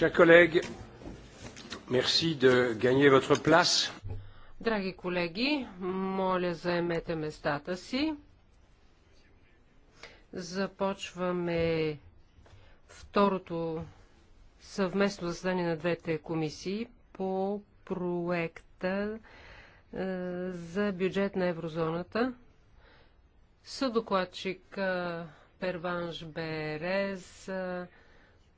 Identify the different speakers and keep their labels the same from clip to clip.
Speaker 1: Chers collègues, merci de gagner votre place. Драги колеги, моля заемете местата си. Започваме второто съвместно заседание на двете комисии по проекта е, за бюджет на еврозоната. Съдокладчик Перванж Берез, е,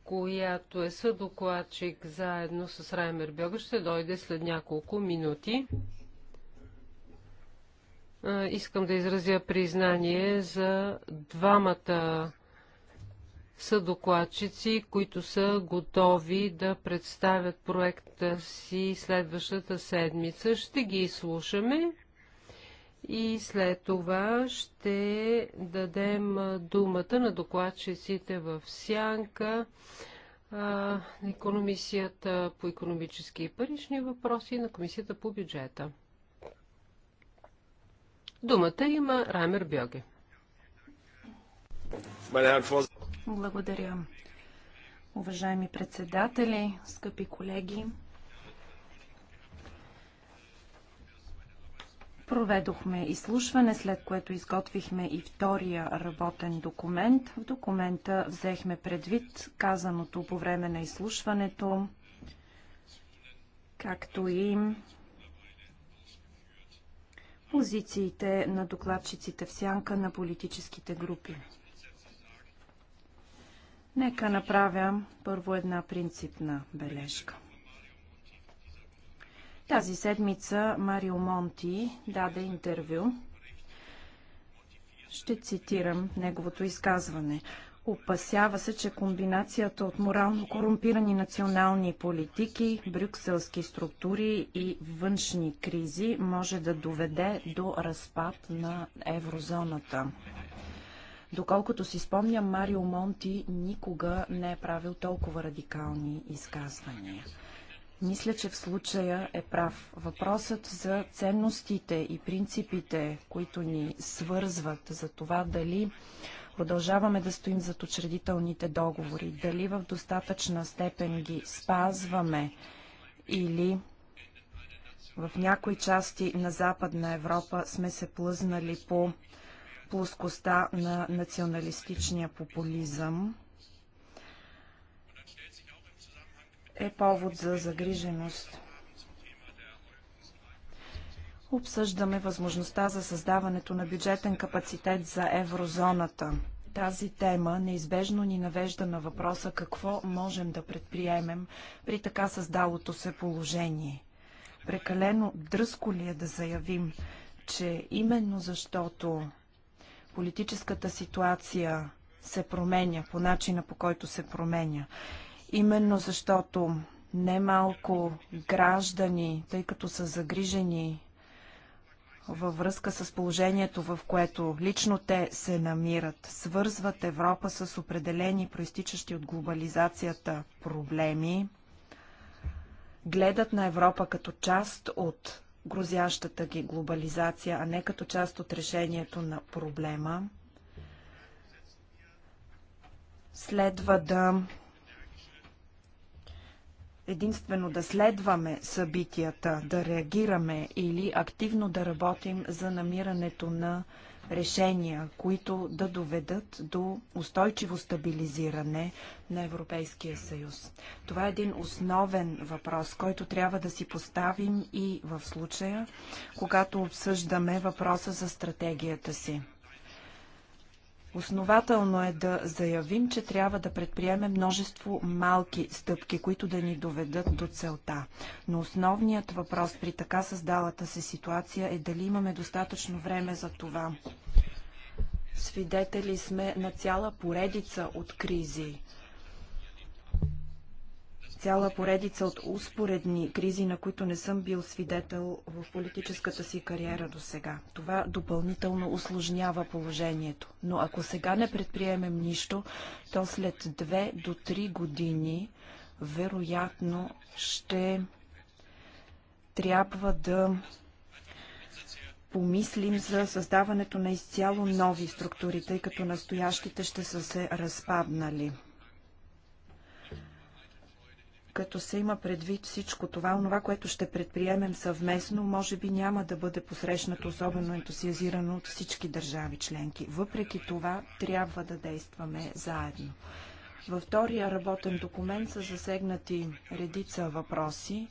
Speaker 1: която е съдокладчик заедно с Раймер Бьога, ще дойде след няколко минути. Искам да изразя признание за двамата съдокладчици, които са готови да представят проекта си следващата седмица. Ще ги слушаме и след това ще дадем думата на докладчиците в Сянка, на Комисията по економически и парични въпроси и на Комисията по бюджета. Думата има Рамер Бьоге. Благодаря. Уважаеми председатели, скъпи
Speaker 2: колеги, Проведохме изслушване, след което изготвихме и втория работен документ. В документа взехме предвид казаното по време на изслушването, както и позициите на докладчиците в сянка на политическите групи. Нека направя първо една принципна бележка. Тази седмица Марио Монти даде интервю. Ще цитирам неговото изказване. Опасява се, че комбинацията от морално корумпирани национални политики, брюкселски структури и външни кризи може да доведе до разпад на еврозоната. Доколкото си спомням, Марио Монти никога не е правил толкова радикални изказвания. Мисля, че в случая е прав. Въпросът за ценностите и принципите, които ни свързват за това дали продължаваме да стоим зад учредителните договори, дали в достатъчна степен ги спазваме или в някои части на Западна Европа сме се плъзнали по плоскостта на националистичния популизъм. е повод за загриженост. Обсъждаме възможността за създаването на бюджетен капацитет за еврозоната. Тази тема неизбежно ни навежда на въпроса какво можем да предприемем при така създалото се положение. Прекалено дръско ли е да заявим, че именно защото политическата ситуация се променя по начина по който се променя Именно защото немалко граждани, тъй като са загрижени във връзка с положението, в което лично те се намират, свързват Европа с определени проистичащи от глобализацията проблеми, гледат на Европа като част от грозящата ги глобализация, а не като част от решението на проблема, следва да единствено да следваме събитията, да реагираме или активно да работим за намирането на решения, които да доведат до устойчиво стабилизиране на Европейския съюз. Това е един основен въпрос, който трябва да си поставим и в случая, когато обсъждаме въпроса за стратегията си. Основателно е да заявим, че трябва да предприеме множество малки стъпки, които да ни доведат до целта. Но основният въпрос при така създалата се ситуация е дали имаме достатъчно време за това. Свидетели сме на цяла поредица от кризи цяла поредица от успоредни кризи, на които не съм бил свидетел в политическата си кариера до сега. Това допълнително осложнява положението. Но ако сега не предприемем нищо, то след две до три години вероятно ще трябва да помислим за създаването на изцяло нови структури, тъй като настоящите ще са се разпаднали като се има предвид всичко това, онова, което ще предприемем съвместно, може би няма да бъде посрещнато особено ентусиазирано от всички държави членки. Въпреки това, трябва да действаме заедно. Във втория работен документ са засегнати редица въпроси,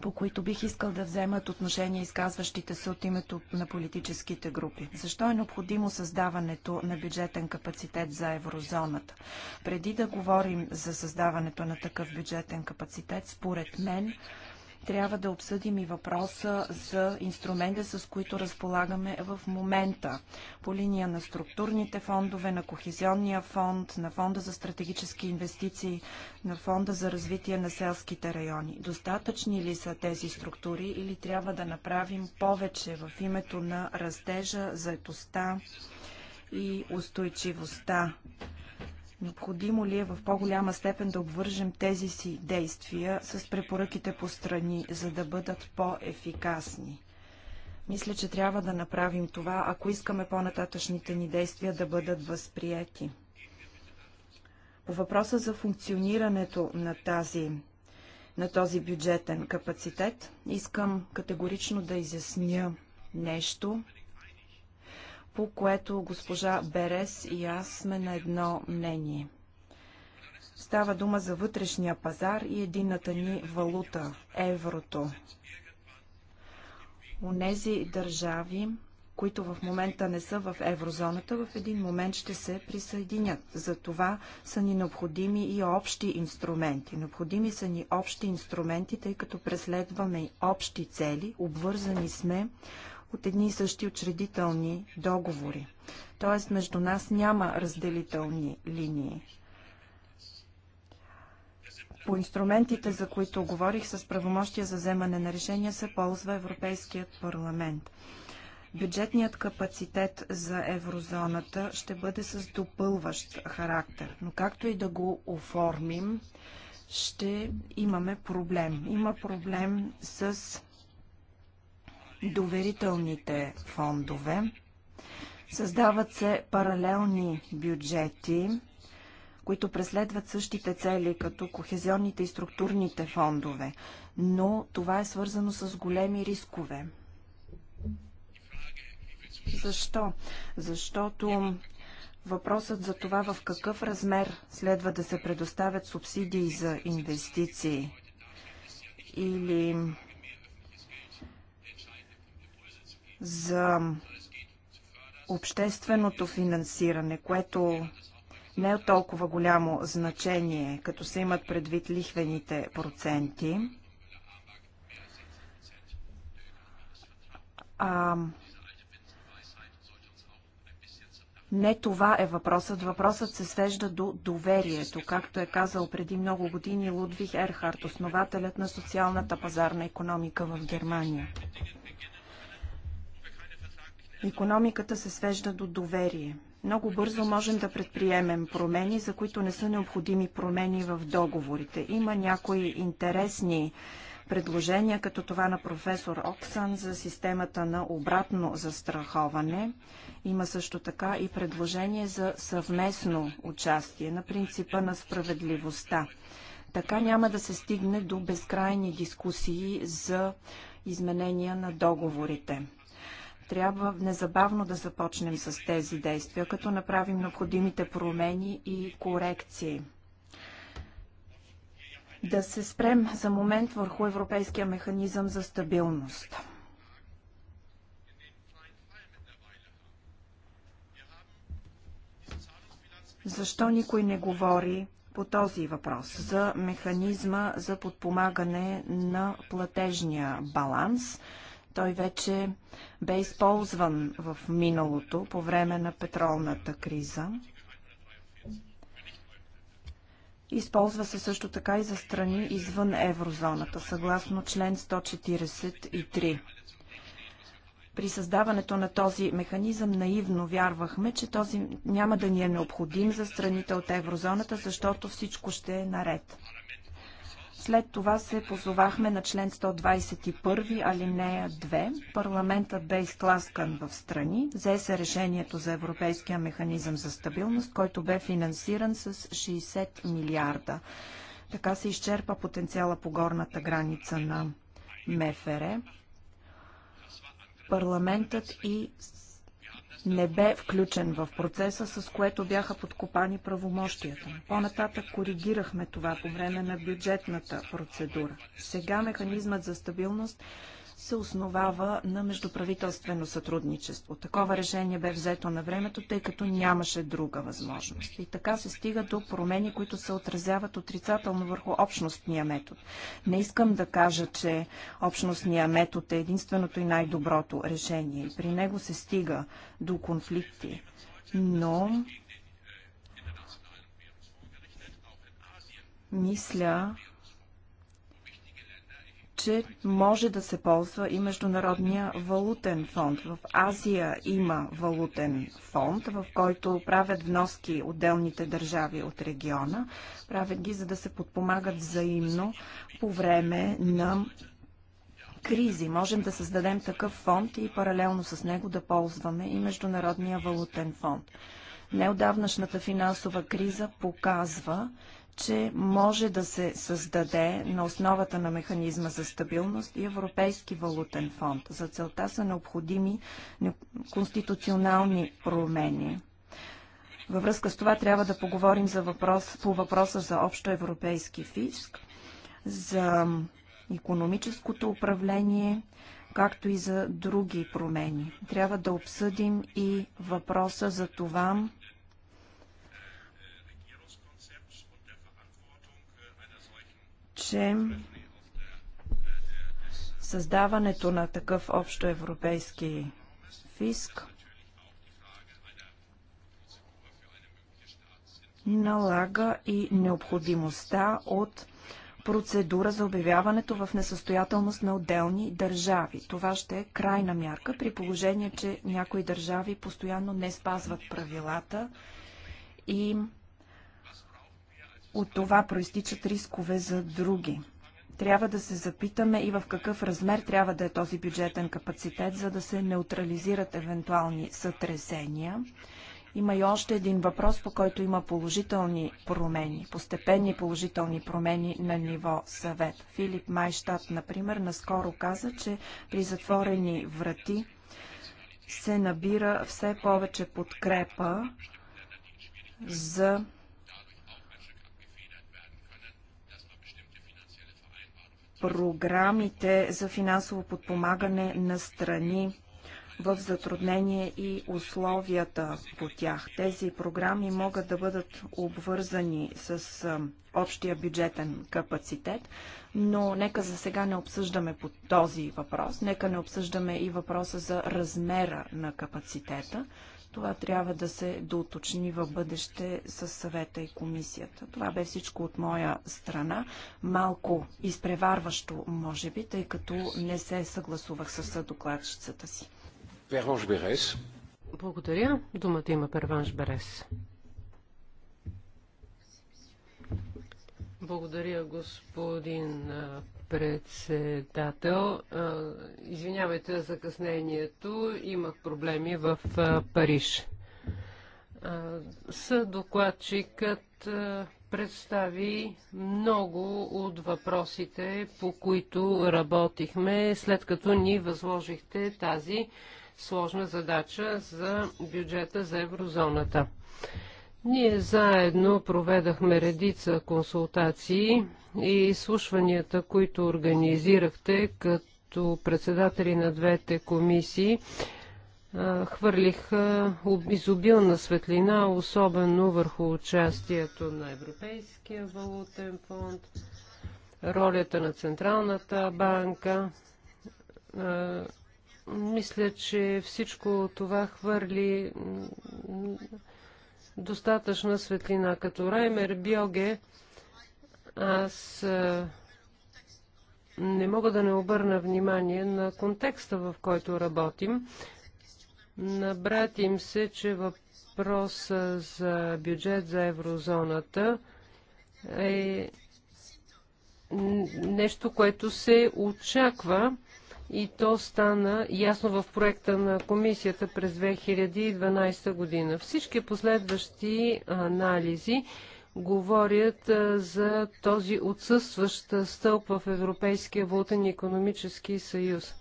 Speaker 2: по които бих искал да вземат отношение изказващите се от името на политическите групи. Защо е необходимо създаването на бюджетен капацитет за еврозоната? Преди да говорим за създаването на такъв бюджетен капацитет, според мен трябва да обсъдим и въпроса за инструмента, с които разполагаме в момента. По линия на структурните фондове, на Кохезионния фонд, на Фонда за стратегически инвестиции, на Фонда за развитие на селските райони. Достатъчни ли са тези структури или трябва да направим повече в името на растежа, заетостта и устойчивостта? Необходимо ли е в по-голяма степен да обвържем тези си действия с препоръките по страни, за да бъдат по-ефикасни? Мисля, че трябва да направим това, ако искаме по-нататъчните ни действия да бъдат възприяти. По въпроса за функционирането на тази на този бюджетен капацитет, искам категорично да изясня нещо, по което госпожа Берес и аз сме на едно мнение. Става дума за вътрешния пазар и едината ни валута – еврото. Унези държави, които в момента не са в еврозоната, в един момент ще се присъединят. За това са ни необходими и общи инструменти. Необходими са ни общи инструменти, тъй като преследваме общи цели, обвързани сме от едни и същи учредителни договори. Тоест между нас няма разделителни линии. По инструментите, за които говорих с правомощия за вземане на решения, се ползва Европейският парламент. Бюджетният капацитет за еврозоната ще бъде с допълващ характер, но както и да го оформим, ще имаме проблем. Има проблем с доверителните фондове. Създават се паралелни бюджети, които преследват същите цели като кохезионните и структурните фондове, но това е свързано с големи рискове. Защо? Защото въпросът за това в какъв размер следва да се предоставят субсидии за инвестиции или за общественото финансиране, което не е толкова голямо значение, като се имат предвид лихвените проценти. А, не това е въпросът. Въпросът се свежда до доверието, както е казал преди много години Лудвиг Ерхард, основателят на социалната пазарна економика в Германия. Економиката се свежда до доверие. Много бързо можем да предприемем промени, за които не са необходими промени в договорите. Има някои интересни предложения, като това на професор Оксан за системата на обратно застраховане. Има също така и предложение за съвместно участие на принципа на справедливостта. Така няма да се стигне до безкрайни дискусии за изменения на договорите. Трябва незабавно да започнем с тези действия, като направим необходимите промени и корекции. Да се спрем за момент върху Европейския механизъм за стабилност. Защо никой не говори по този въпрос за механизма за подпомагане на платежния баланс? Той вече бе използван в миналото по време на петролната криза. Използва се също така и за страни извън еврозоната, съгласно член 143. При създаването на този механизъм наивно вярвахме, че този няма да ни е необходим за страните от еврозоната, защото всичко ще е наред. След това се позовахме на член 121, алинея 2. Парламентът бе изтласкан в страни. Взе се решението за Европейския механизъм за стабилност, който бе финансиран с 60 милиарда. Така се изчерпа потенциала по горната граница на МФР парламентът и не бе включен в процеса, с което бяха подкопани правомощията. По-нататък коригирахме това по време на бюджетната процедура. Сега механизмът за стабилност се основава на междуправителствено сътрудничество. Такова решение бе взето на времето, тъй като нямаше друга възможност. И така се стига до промени, които се отразяват отрицателно върху общностния метод. Не искам да кажа, че общностния метод е единственото и най-доброто решение. И при него се стига до конфликти. Но мисля, че може да се ползва и Международния валутен фонд. В Азия има валутен фонд, в който правят вноски отделните държави от региона. Правят ги, за да се подпомагат взаимно по време на кризи. Можем да създадем такъв фонд и паралелно с него да ползваме и Международния валутен фонд. Неодавнашната финансова криза показва, че може да се създаде на основата на механизма за стабилност и Европейски валутен фонд. За целта са необходими конституционални промени. Във връзка с това трябва да поговорим за въпрос, по въпроса за общо европейски фиск, за економическото управление, както и за други промени. Трябва да обсъдим и въпроса за това, че създаването на такъв общоевропейски фиск налага и необходимостта от процедура за обявяването в несъстоятелност на отделни държави. Това ще е крайна мярка при положение, че някои държави постоянно не спазват правилата и от това проистичат рискове за други. Трябва да се запитаме и в какъв размер трябва да е този бюджетен капацитет, за да се неутрализират евентуални сътресения. Има и още един въпрос, по който има положителни промени, постепенни положителни промени на ниво съвет. Филип Майштат, например, наскоро каза, че при затворени врати се набира все повече подкрепа за програмите за финансово подпомагане на страни в затруднение и условията по тях. Тези програми могат да бъдат обвързани с общия бюджетен капацитет, но нека за сега не обсъждаме по този въпрос. Нека не обсъждаме и въпроса за размера на капацитета. Това трябва да се доуточни в бъдеще с съвета и комисията. Това бе всичко от моя страна. Малко изпреварващо, може би, тъй като не се съгласувах с съдокладчицата
Speaker 1: си.
Speaker 3: Перванш Берес.
Speaker 1: Благодаря. Думата има Перванш Берес. Благодаря, господин председател. Извинявайте за закъснението. Имах проблеми в Париж. Съдокладчикът представи много от въпросите, по които работихме, след като ни възложихте тази сложна задача за бюджета за еврозоната. Ние заедно проведахме редица консултации и слушванията, които организирахте като председатели на двете комисии, хвърлиха изобилна светлина, особено върху участието на Европейския валутен фонд, ролята на Централната банка. Мисля, че всичко това хвърли достатъчна светлина. Като Раймер биоге, аз не мога да не обърна внимание на контекста, в който работим. Набратим се, че въпроса за бюджет за еврозоната е нещо, което се очаква и то стана ясно в проекта на комисията през 2012 година. Всички последващи анализи говорят за този отсъстващ стълб в Европейския валутен и економически съюз.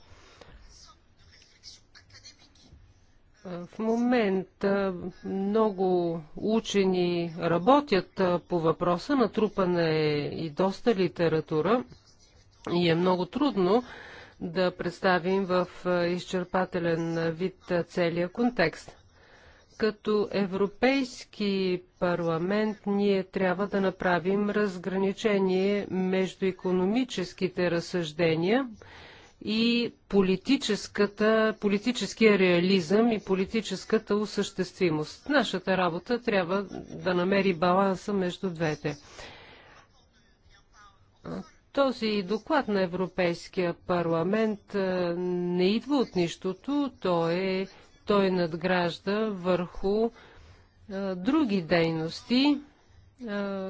Speaker 1: В момента много учени работят по въпроса, натрупана е и доста литература и е много трудно да представим в е, изчерпателен вид е, целия контекст. Като Европейски парламент ние трябва да направим разграничение между економическите разсъждения и политическия реализъм и политическата осъществимост. Нашата работа трябва да намери баланса между двете. Този доклад на Европейския парламент е, не идва от нищото, той, е, той надгражда върху е, други дейности. Е,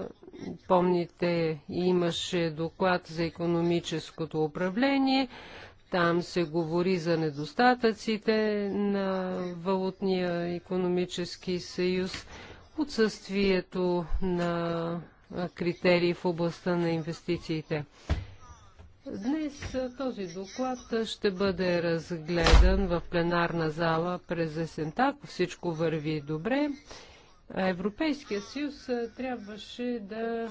Speaker 1: помните, имаше доклад за економическото управление, там се говори за недостатъците на валутния економически съюз, отсъствието на критерии в областта на инвестициите. Днес този доклад ще бъде разгледан в пленарна зала през есента, ако всичко върви добре. Европейския съюз трябваше да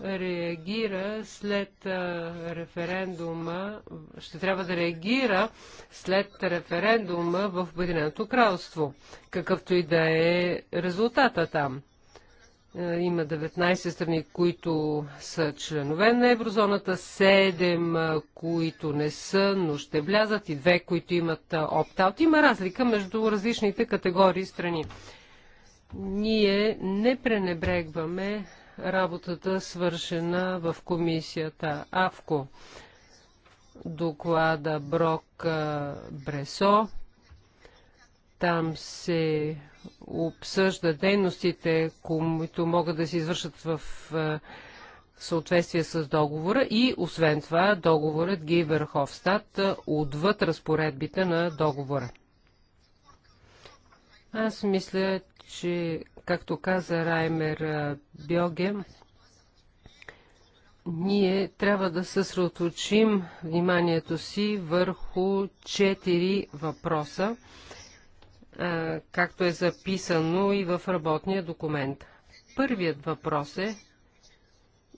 Speaker 1: реагира след референдума, ще трябва да реагира след референдума в Обединеното кралство, какъвто и да е резултата там. Е, има 19 страни, които са членове на еврозоната, 7, е, които не са, но ще влязат и 2, които имат е, опт-аут. Има разлика между различните категории страни. Ние не пренебрегваме работата, свършена в комисията АВКО. Доклада Брок Бресо там се обсъжда дейностите, които могат да се извършат в съответствие с договора и освен това договорът ги е върховстат отвъд разпоредбите на договора. Аз мисля, че, както каза Раймер Бьоге, ние трябва да съсредоточим вниманието си върху четири въпроса, както е записано и в работния документ. Първият въпрос е,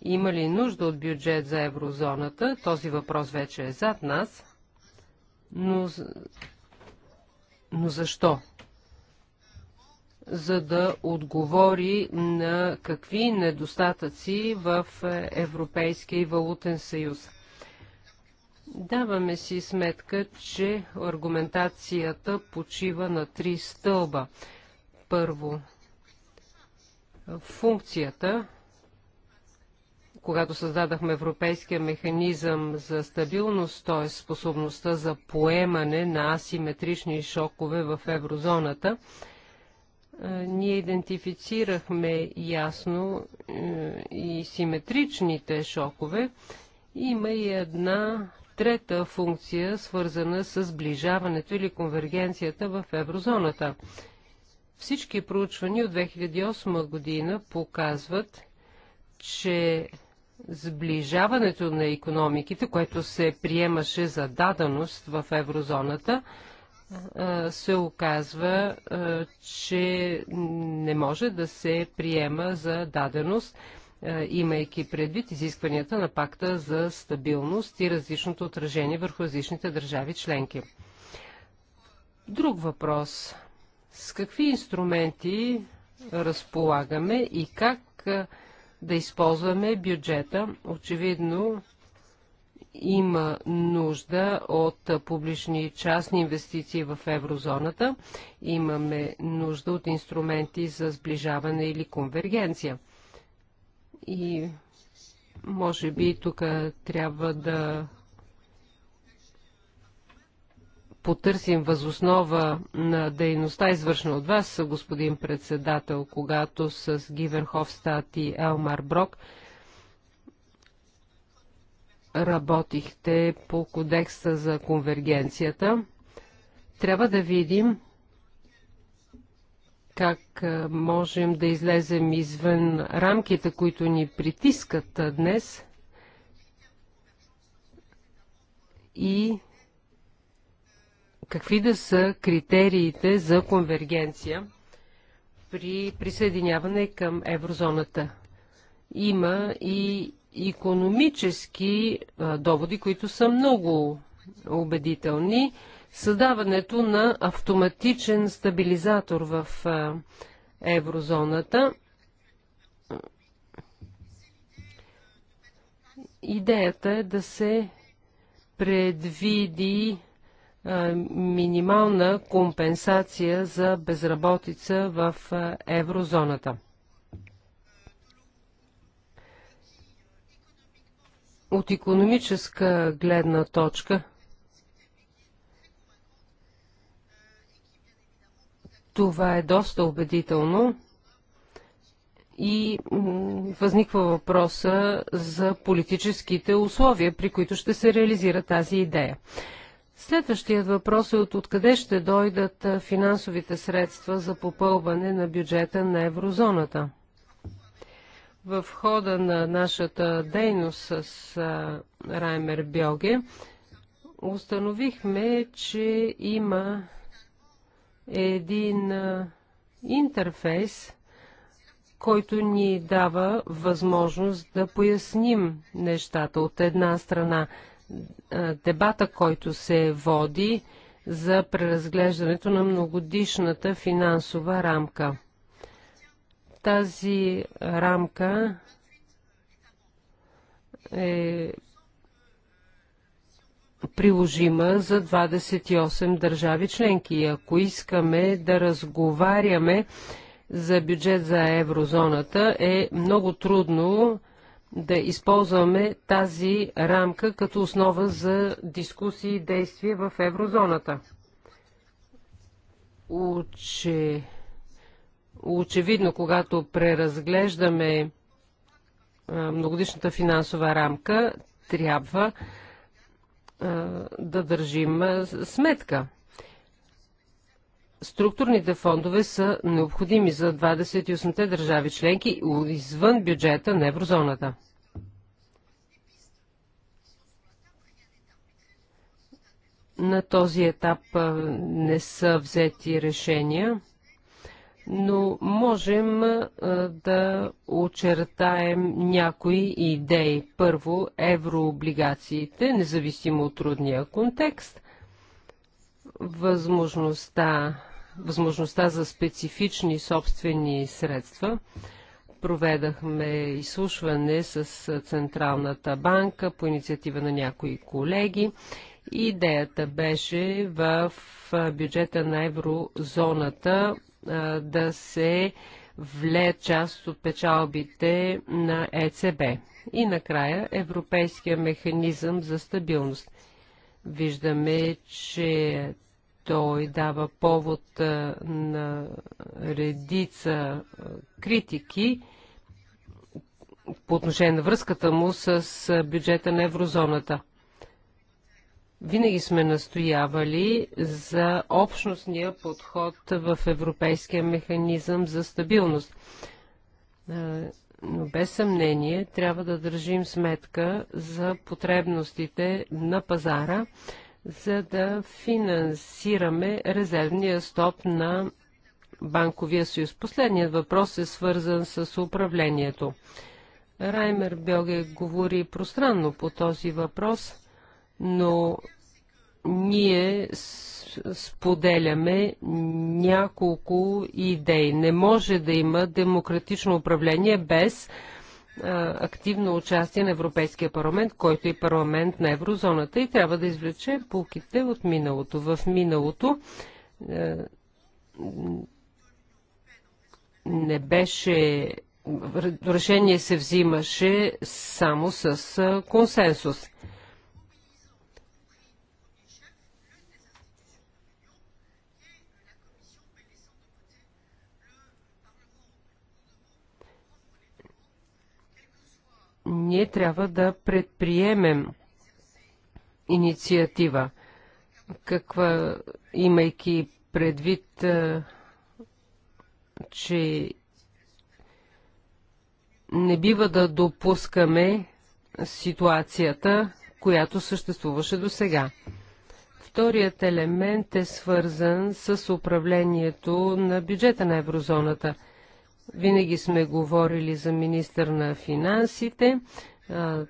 Speaker 1: има ли нужда от бюджет за еврозоната? Този въпрос вече е зад нас. Но, но защо? За да отговори на какви недостатъци в Европейския и валутен съюз. Даваме си сметка, че аргументацията почива на три стълба. Първо, функцията, когато създадахме Европейския механизъм за стабилност, т.е. способността за поемане на асиметрични шокове в еврозоната, ние идентифицирахме ясно е, и симетричните шокове. Има и една трета функция, свързана с сближаването или конвергенцията в еврозоната. Всички проучвания от 2008 година показват, че сближаването на економиките, което се приемаше за даденост в еврозоната, се оказва, че не може да се приема за даденост е, имайки предвид изискванията на пакта за стабилност и различното отражение върху различните държави членки. Друг въпрос. С какви инструменти разполагаме и как е, да използваме бюджета? Очевидно има нужда от публични и частни инвестиции в еврозоната. Имаме нужда от инструменти за сближаване или конвергенция. И може би тук трябва да потърсим възоснова на дейността, извършена от вас, господин председател, когато с Гивен Хофстат и Елмар Брок работихте по кодекса за конвергенцията. Трябва да видим как можем да излезем извън рамките, които ни притискат днес и какви да са критериите за конвергенция при присъединяване към еврозоната. Има и економически доводи, които са много убедителни. Създаването на автоматичен стабилизатор в еврозоната. Идеята е да се предвиди минимална компенсация за безработица в еврозоната. От економическа гледна точка – Това е доста убедително и възниква въпроса за политическите условия, при които ще се реализира тази идея. Следващият въпрос е от откъде ще дойдат финансовите средства за попълване на бюджета на еврозоната. В хода на нашата дейност с Раймер Бьоге установихме, че има един интерфейс, който ни дава възможност да поясним нещата. От една страна дебата, който се води за преразглеждането на многодишната финансова рамка. Тази рамка е приложима за 28 държави членки. И ако искаме да разговаряме за бюджет за еврозоната, е много трудно да използваме тази рамка като основа за дискусии и действия в еврозоната. Оче... Очевидно, когато преразглеждаме а, многодишната финансова рамка, трябва да държим сметка. Структурните фондове са необходими за 28-те държави членки извън бюджета на еврозоната. На този етап не са взети решения но можем да очертаем някои идеи. Първо, еврооблигациите, независимо от трудния контекст, възможността, възможността за специфични собствени средства. Проведахме изслушване с Централната банка по инициатива на някои колеги Идеята беше в бюджета на еврозоната да се вле част от печалбите на ЕЦБ. И накрая Европейския механизъм за стабилност. Виждаме, че той дава повод на редица критики по отношение на връзката му с бюджета на еврозоната. Винаги сме настоявали за общностния подход в Европейския механизъм за стабилност. Но без съмнение трябва да държим сметка за потребностите на пазара, за да финансираме резервния стоп на Банковия съюз. Последният въпрос е свързан с управлението. Раймер Белге говори пространно по този въпрос – но ние споделяме няколко идеи. Не може да има демократично управление без а, активно участие на Европейския парламент, който е парламент на еврозоната и трябва да извлече пулките от миналото. В миналото а, не беше решение се взимаше само с консенсус. ние трябва да предприемем инициатива, каква, имайки предвид, че не бива да допускаме ситуацията, която съществуваше до сега. Вторият елемент е свързан с управлението на бюджета на еврозоната – винаги сме говорили за министър на финансите.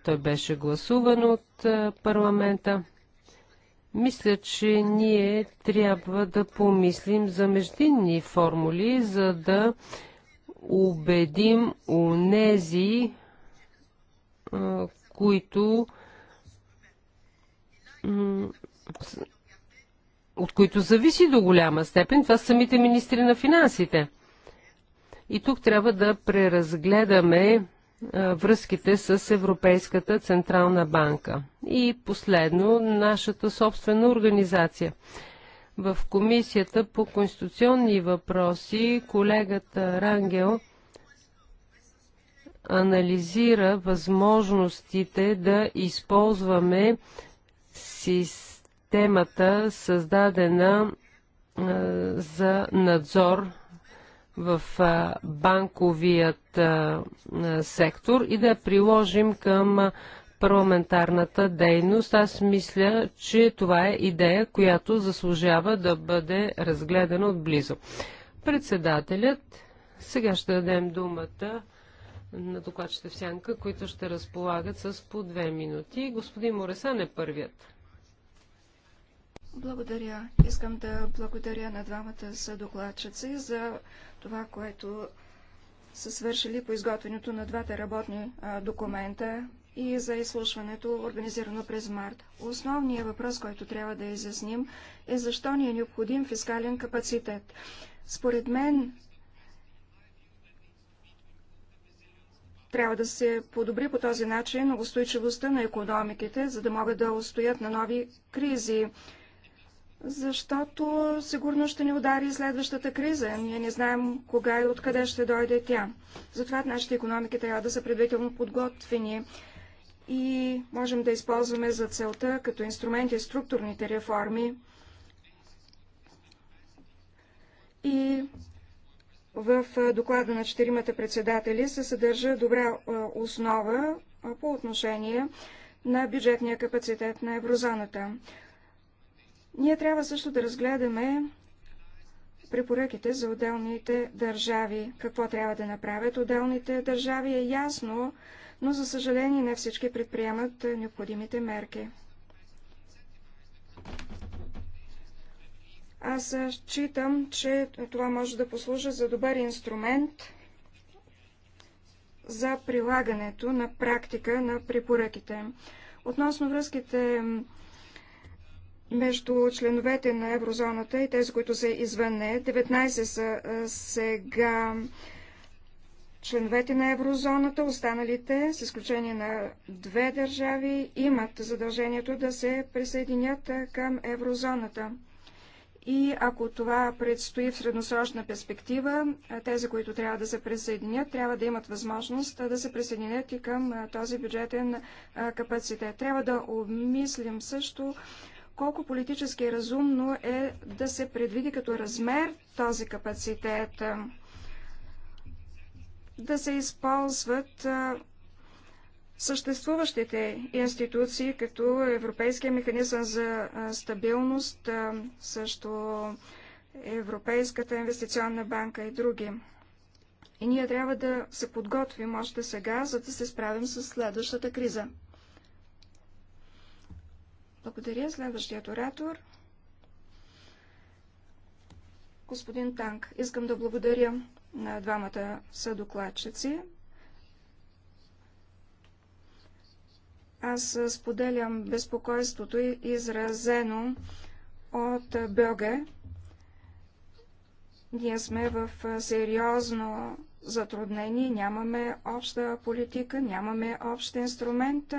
Speaker 1: Той беше гласуван от парламента. Мисля, че ние трябва да помислим за междинни формули, за да убедим унези, които от които зависи до голяма степен, това са самите министри на финансите. И тук трябва да преразгледаме връзките с Европейската Централна банка. И последно, нашата собствена организация. В Комисията по конституционни въпроси колегата Рангел анализира възможностите да използваме системата, създадена за надзор в банковият сектор и да я приложим към парламентарната дейност. Аз мисля, че това е идея, която заслужава да бъде разгледана отблизо. Председателят, сега ще дадем думата на докладчите в сянка, които ще разполагат с по две минути. Господин Моресан е първият.
Speaker 3: Благодаря. Искам да благодаря на двамата съдокладчици за това, което са свършили по изготвянето на двата работни документа и за изслушването, организирано през март. Основният въпрос, който трябва да изясним, е защо ни е необходим фискален капацитет. Според мен, трябва да се подобри по този начин устойчивостта на економиките, за да могат да устоят на нови кризи защото сигурно ще ни удари следващата криза. Ние не знаем кога и откъде ще дойде тя. Затова нашите економики трябва да са предварително подготвени и можем да използваме за целта като инструменти структурните реформи и в доклада на четиримата председатели се съдържа добра основа по отношение на бюджетния капацитет на еврозоната. Ние трябва също да разгледаме препоръките за отделните държави. Какво трябва да направят отделните държави е ясно, но за съжаление не всички предприемат е, необходимите мерки. Аз е, считам, че това може да послужи за добър инструмент за прилагането на практика на препоръките. Относно връзките между членовете на еврозоната и тези, които са извън нея. 19 са сега членовете на еврозоната, останалите, с изключение на две държави, имат задължението да се присъединят към еврозоната. И ако това предстои в средносрочна перспектива, тези, които трябва да се присъединят, трябва да имат възможност да се присъединят и към този бюджетен капацитет. Трябва да обмислим също колко политически разумно е да се предвиди като размер този капацитет, да се използват съществуващите институции, като Европейския механизъм за стабилност, също Европейската инвестиционна банка и други. И ние трябва да се подготвим още сега, за да се справим с следващата криза. Благодаря. Следващият оратор. Господин Танк, искам да благодаря на двамата съдокладчици. Аз споделям безпокойството изразено от Бьоге. Ние сме в сериозно затруднение, нямаме обща политика, нямаме общ инструмент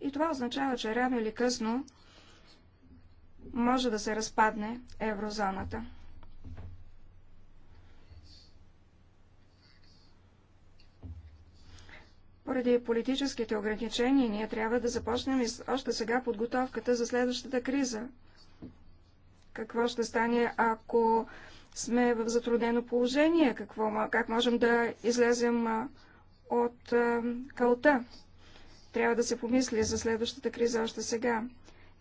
Speaker 3: и това означава, че рано или късно може да се разпадне еврозоната. Поради политическите ограничения ние трябва да започнем още сега подготовката за следващата криза. Какво ще стане, ако сме в затруднено положение? Какво, как можем да излезем от калта? Трябва да се помисли за следващата криза още сега.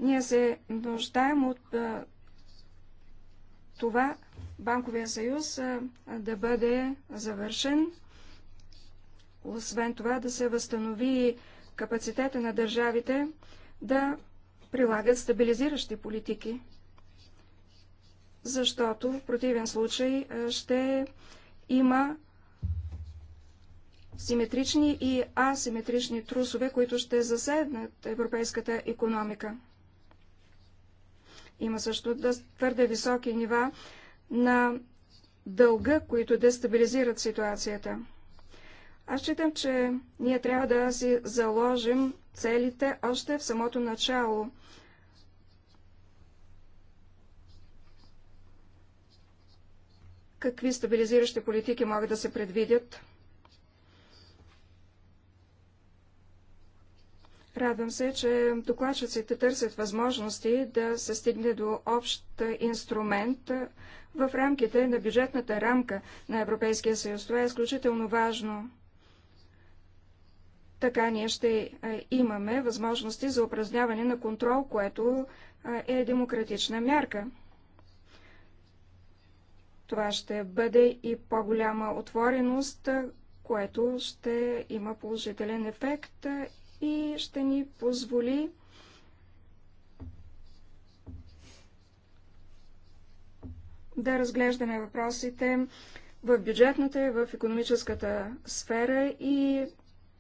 Speaker 3: Ние се нуждаем от а, това банковия съюз а, да бъде завършен. Освен това да се възстанови капацитета на държавите да прилагат стабилизиращи политики, защото в противен случай ще има симетрични и асиметрични трусове, които ще заседнат европейската економика. Има също да твърде високи нива на дълга, които дестабилизират ситуацията. Аз считам, че ние трябва да си заложим целите още в самото начало. Какви стабилизиращи политики могат да се предвидят? Радвам се, че докладчиците търсят възможности да се стигне до общ инструмент в рамките на бюджетната рамка на Европейския съюз. Това е изключително важно. Така ние ще е, имаме възможности за упражняване на контрол, което е, е демократична мярка. Това ще бъде и по-голяма отвореност, което ще има положителен ефект е, и ще ни позволи да разглеждаме въпросите в бюджетната и в економическата сфера и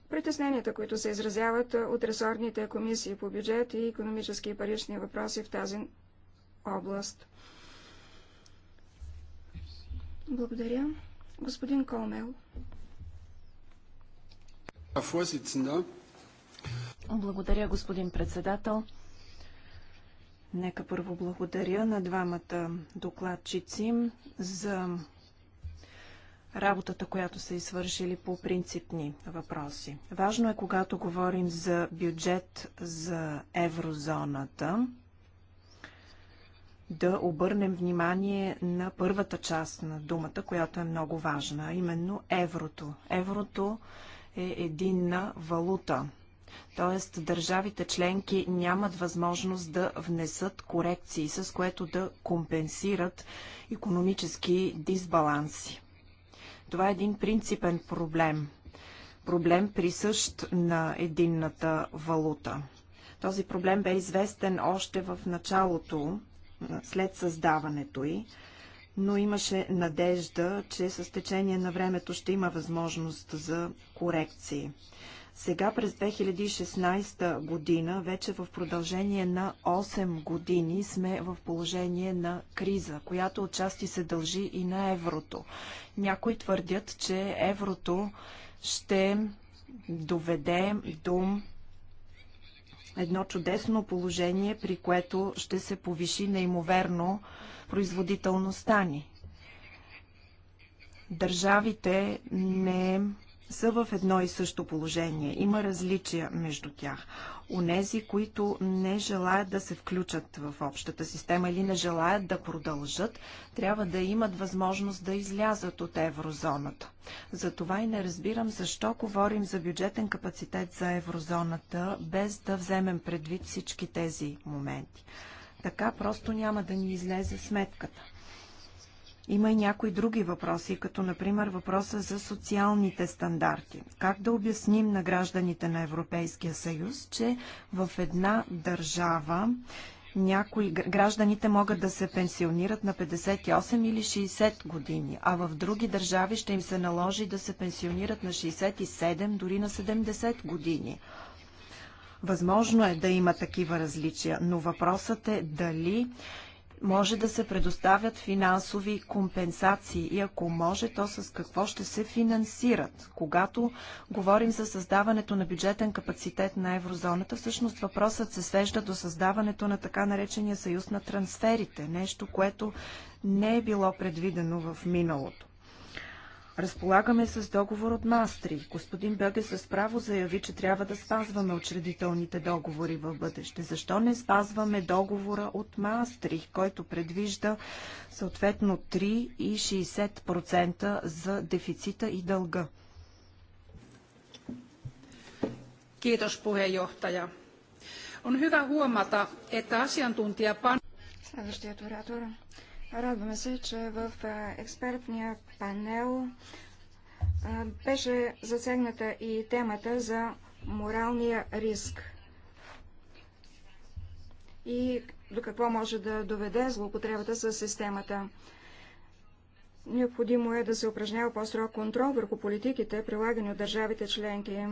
Speaker 3: притесненията, които се изразяват от ресорните комисии по бюджет и економически и парични въпроси в тази област. Благодаря. Господин Колмел.
Speaker 2: Благодаря, господин председател. Нека първо благодаря на двамата докладчици за работата, която са извършили по принципни въпроси. Важно е, когато говорим за бюджет за еврозоната, да обърнем внимание на първата част на думата, която е много важна, а именно еврото. Еврото е единна валута. Тоест, държавите членки нямат възможност да внесат корекции, с което да компенсират економически дисбаланси. Това е един принципен проблем. Проблем присъщ на единната валута. Този проблем бе известен още в началото, след създаването й, но имаше надежда, че с течение на времето ще има възможност за корекции. Сега през 2016 година, вече в продължение на 8 години, сме в положение на криза, която отчасти се дължи и на еврото. Някои твърдят, че еврото ще доведе до едно чудесно положение, при което ще се повиши неимоверно производителността ни. Държавите не са в едно и също положение. Има различия между тях. Онези, които не желаят да се включат в общата система или не желаят да продължат, трябва да имат възможност да излязат от еврозоната. Затова и не разбирам защо говорим за бюджетен капацитет за еврозоната, без да вземем предвид всички тези моменти. Така просто няма да ни излезе сметката. Има и някои други въпроси, като например въпроса за социалните стандарти. Как да обясним на гражданите на Европейския съюз, че в една държава някои гражданите могат да се пенсионират на 58 или 60 години, а в други държави ще им се наложи да се пенсионират на 67, дори на 70 години. Възможно е да има такива различия, но въпросът е дали може да се предоставят финансови компенсации и ако може, то с какво ще се финансират. Когато говорим за създаването на бюджетен капацитет на еврозоната, всъщност въпросът се свежда до създаването на така наречения съюз на трансферите, нещо, което не е било предвидено в миналото. Разполагаме с договор от Мастри. Господин Беге с право заяви, че трябва да спазваме учредителните договори в бъдеще. Защо не спазваме договора от Мастри, който предвижда съответно 3 и 60% за дефицита и дълга?
Speaker 1: Kiitos puheenjohtaja. On hyvä huomata, että asiantuntija...
Speaker 3: Следващият оратор. Радваме се, че в експертния панел беше засегната и темата за моралния риск и до какво може да доведе злоупотребата с системата. Необходимо е да се упражнява по-строг контрол върху политиките, прилагани от държавите членки.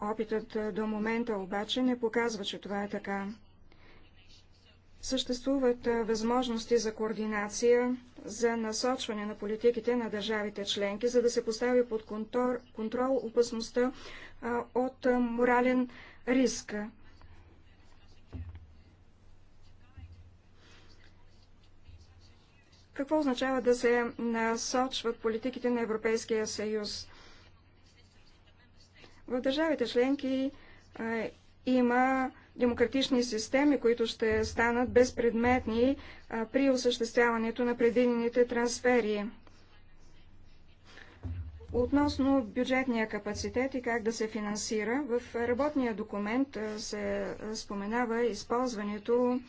Speaker 3: Опитът до момента обаче не показва, че това е така. Съществуват възможности за координация, за насочване на политиките на държавите членки, за да се постави под контрол опасността от морален риск. Какво означава да се насочват политиките на Европейския съюз? В държавите членки има демократични системи, които ще станат безпредметни при осъществяването на предвидените трансфери. Относно бюджетния капацитет и как да се финансира, в работния документ се споменава използването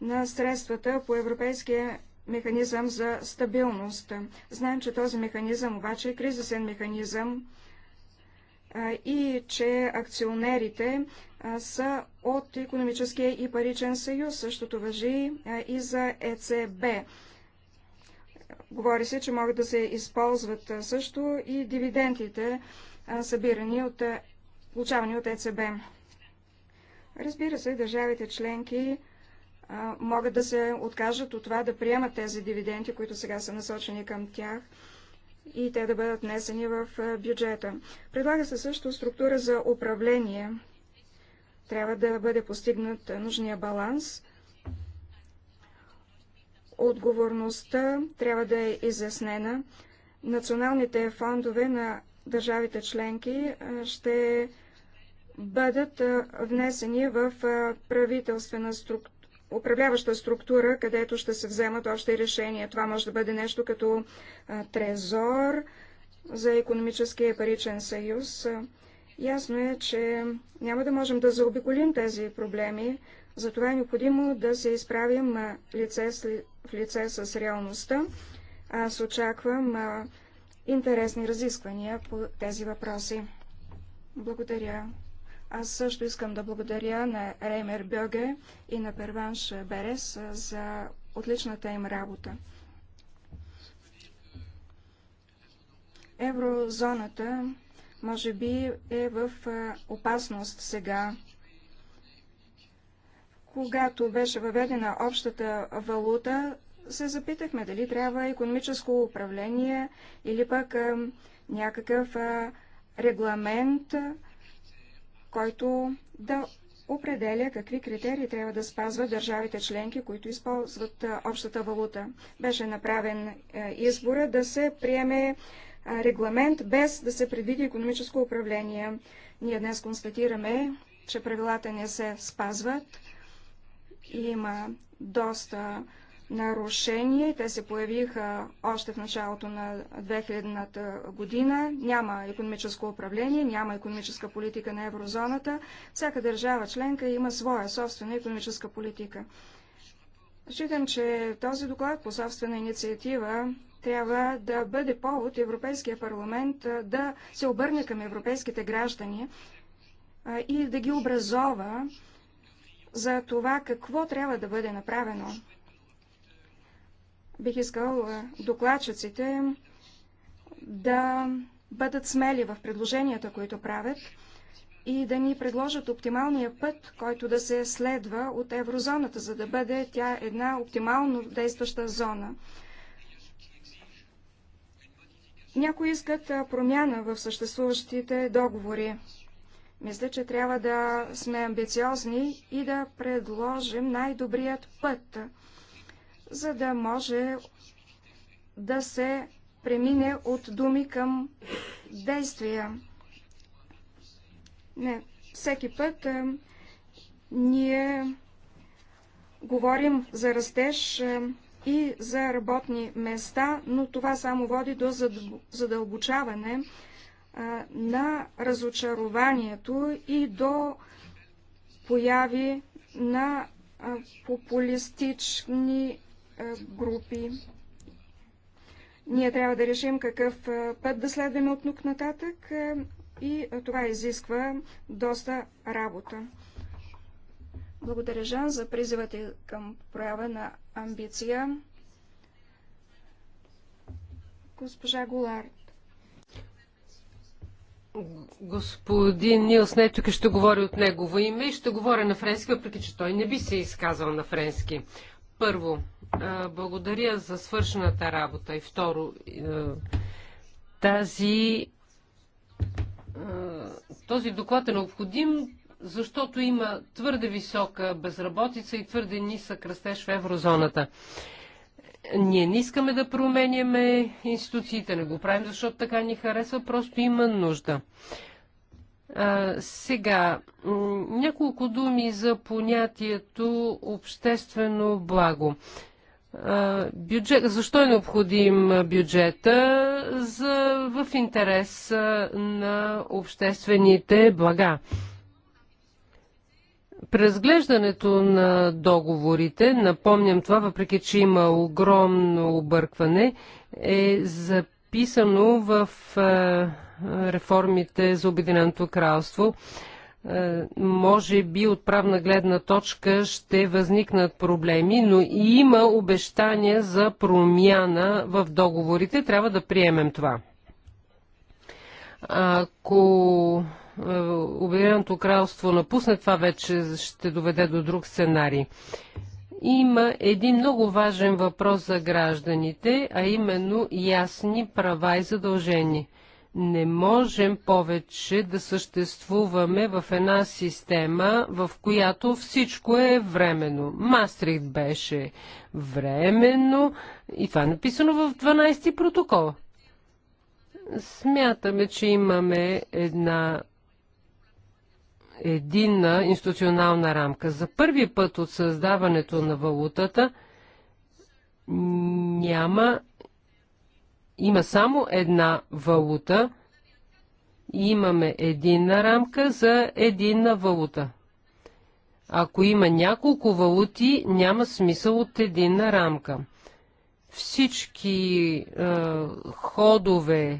Speaker 3: на средствата по Европейския механизъм за стабилност. Знаем, че този механизъм обаче е кризисен механизъм и че акционерите са от економическия и паричен съюз. Същото въжи и за ЕЦБ. Говори се, че могат да се използват също и дивидендите, събирани от, получавани от ЕЦБ. Разбира се, държавите членки могат да се откажат от това да приемат тези дивиденти, които сега са насочени към тях и те да бъдат внесени в бюджета. Предлага се също структура за управление. Трябва да бъде постигнат нужния баланс. Отговорността трябва да е изяснена. Националните фондове на държавите членки ще бъдат внесени в правителствена структура управляваща структура, където ще се вземат още решения. Това може да бъде нещо като трезор за економическия и паричен съюз. Ясно е, че няма да можем да заобиколим тези проблеми, затова е необходимо да се изправим лице в лице с реалността. Аз очаквам интересни разисквания по тези въпроси. Благодаря. Аз също искам да благодаря на Реймер Бьоге и на Перванш Берес за отличната им работа. Еврозоната може би е в опасност сега. Когато беше въведена общата валута, се запитахме дали трябва економическо управление или пък някакъв регламент, който да определя какви критерии трябва да спазват държавите членки, които използват общата валута. Беше направен е, избора да се приеме регламент без да се предвиди економическо управление. Ние днес констатираме, че правилата не се спазват. Има доста Нарушение. те се появиха още в началото на 2000-та година. Няма економическо управление, няма економическа политика на еврозоната. Всяка държава членка има своя собствена економическа политика. Считам, че този доклад по собствена инициатива трябва да бъде повод Европейския парламент да се обърне към европейските граждани и да ги образова за това какво трябва да бъде направено. Бих искал е, докладчиците да бъдат смели в предложенията, които правят и да ни предложат оптималния път, който да се следва от еврозоната, за да бъде тя една оптимално действаща зона. Някои искат е, промяна в съществуващите договори. Мисля, че трябва да сме амбициозни и да предложим най-добрият път за да може да се премине от думи към действия. Не, всеки път е, ние говорим за растеж е, и за работни места, но това само води до задълбочаване е, на разочарованието и до появи на е, популистични групи. Ние трябва да решим какъв път да следваме от тук нататък и това изисква доста работа. Благодаря, Жан, за призивате към проява на амбиция. Госпожа Голард.
Speaker 1: Господин Нилс не тук ще говори от негово име и ще говоря на френски, въпреки че той не би се изказал на френски. Първо, благодаря за свършената работа. И второ, е, тази, е, този доклад е необходим, защото има твърде висока безработица и твърде нисък растеж в еврозоната. Ние не искаме да променяме институциите, не го правим, защото така ни харесва, просто има нужда. А, сега, няколко думи за понятието обществено благо бюджет, защо е необходим бюджета за, в интерес на обществените блага. Презглеждането на договорите, напомням това, въпреки че има огромно объркване, е записано в реформите за Обединеното кралство. Е, може би от правна гледна точка ще възникнат проблеми, но и има обещания за промяна в договорите. Трябва да приемем това. Ако е, Обединеното кралство напусне, това вече ще доведе до друг сценарий. Има един много важен въпрос за гражданите, а именно ясни права и задължения. Не можем повече да съществуваме в една система, в която всичко е временно. Мастрихт беше временно и това е написано в 12-ти протокол. Смятаме, че имаме една единна институционална рамка. За първи път от създаването на валутата няма има само една валута и имаме единна рамка за единна валута. Ако има няколко валути, няма смисъл от единна рамка. Всички е, ходове, е,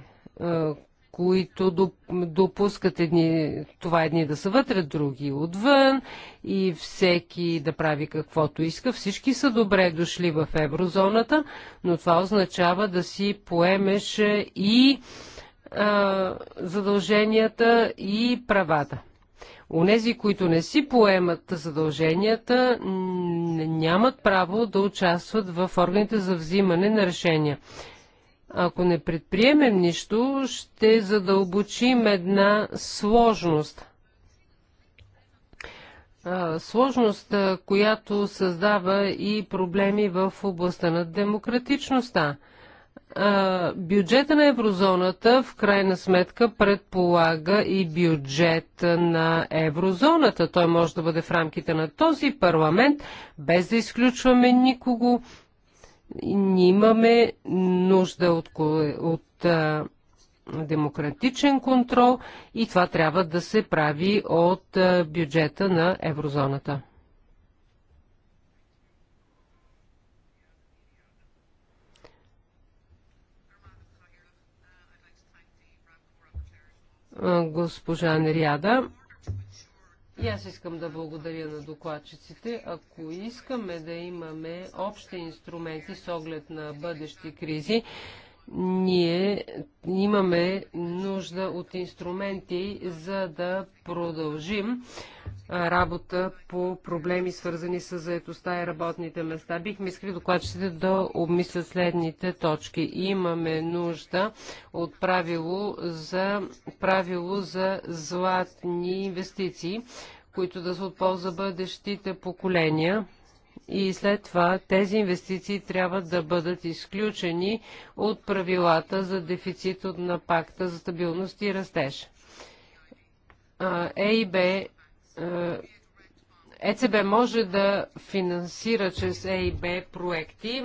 Speaker 1: които допускат едни, това едни да са вътре, други отвън и всеки да прави каквото иска. Всички са добре дошли в еврозоната, но това означава да си поемеш и а, задълженията и правата. Онези, които не си поемат задълженията, нямат право да участват в органите за взимане на решения. Ако не предприемем нищо, ще задълбочим една сложност. Сложност, която създава и проблеми в областта на демократичността. Бюджета на еврозоната в крайна сметка предполага и бюджет на еврозоната. Той може да бъде в рамките на този парламент, без да изключваме никого ние имаме нужда от, от а, демократичен контрол и това трябва да се прави от а, бюджета на еврозоната. госпожа Неряда. И аз искам да благодаря на докладчиците. Ако искаме да имаме общи инструменти с оглед на бъдещи кризи, ние имаме нужда от инструменти, за да продължим работа по проблеми, свързани с заедостта и работните места. Бихме искали докладчите да обмислят следните точки. Имаме нужда от правило за, правило за златни инвестиции, които да се отползват бъдещите поколения и след това тези инвестиции трябва да бъдат изключени от правилата за дефицит на пакта за стабилност и растеж. ЕИБ ЕЦБ може да финансира чрез ЕИБ проекти,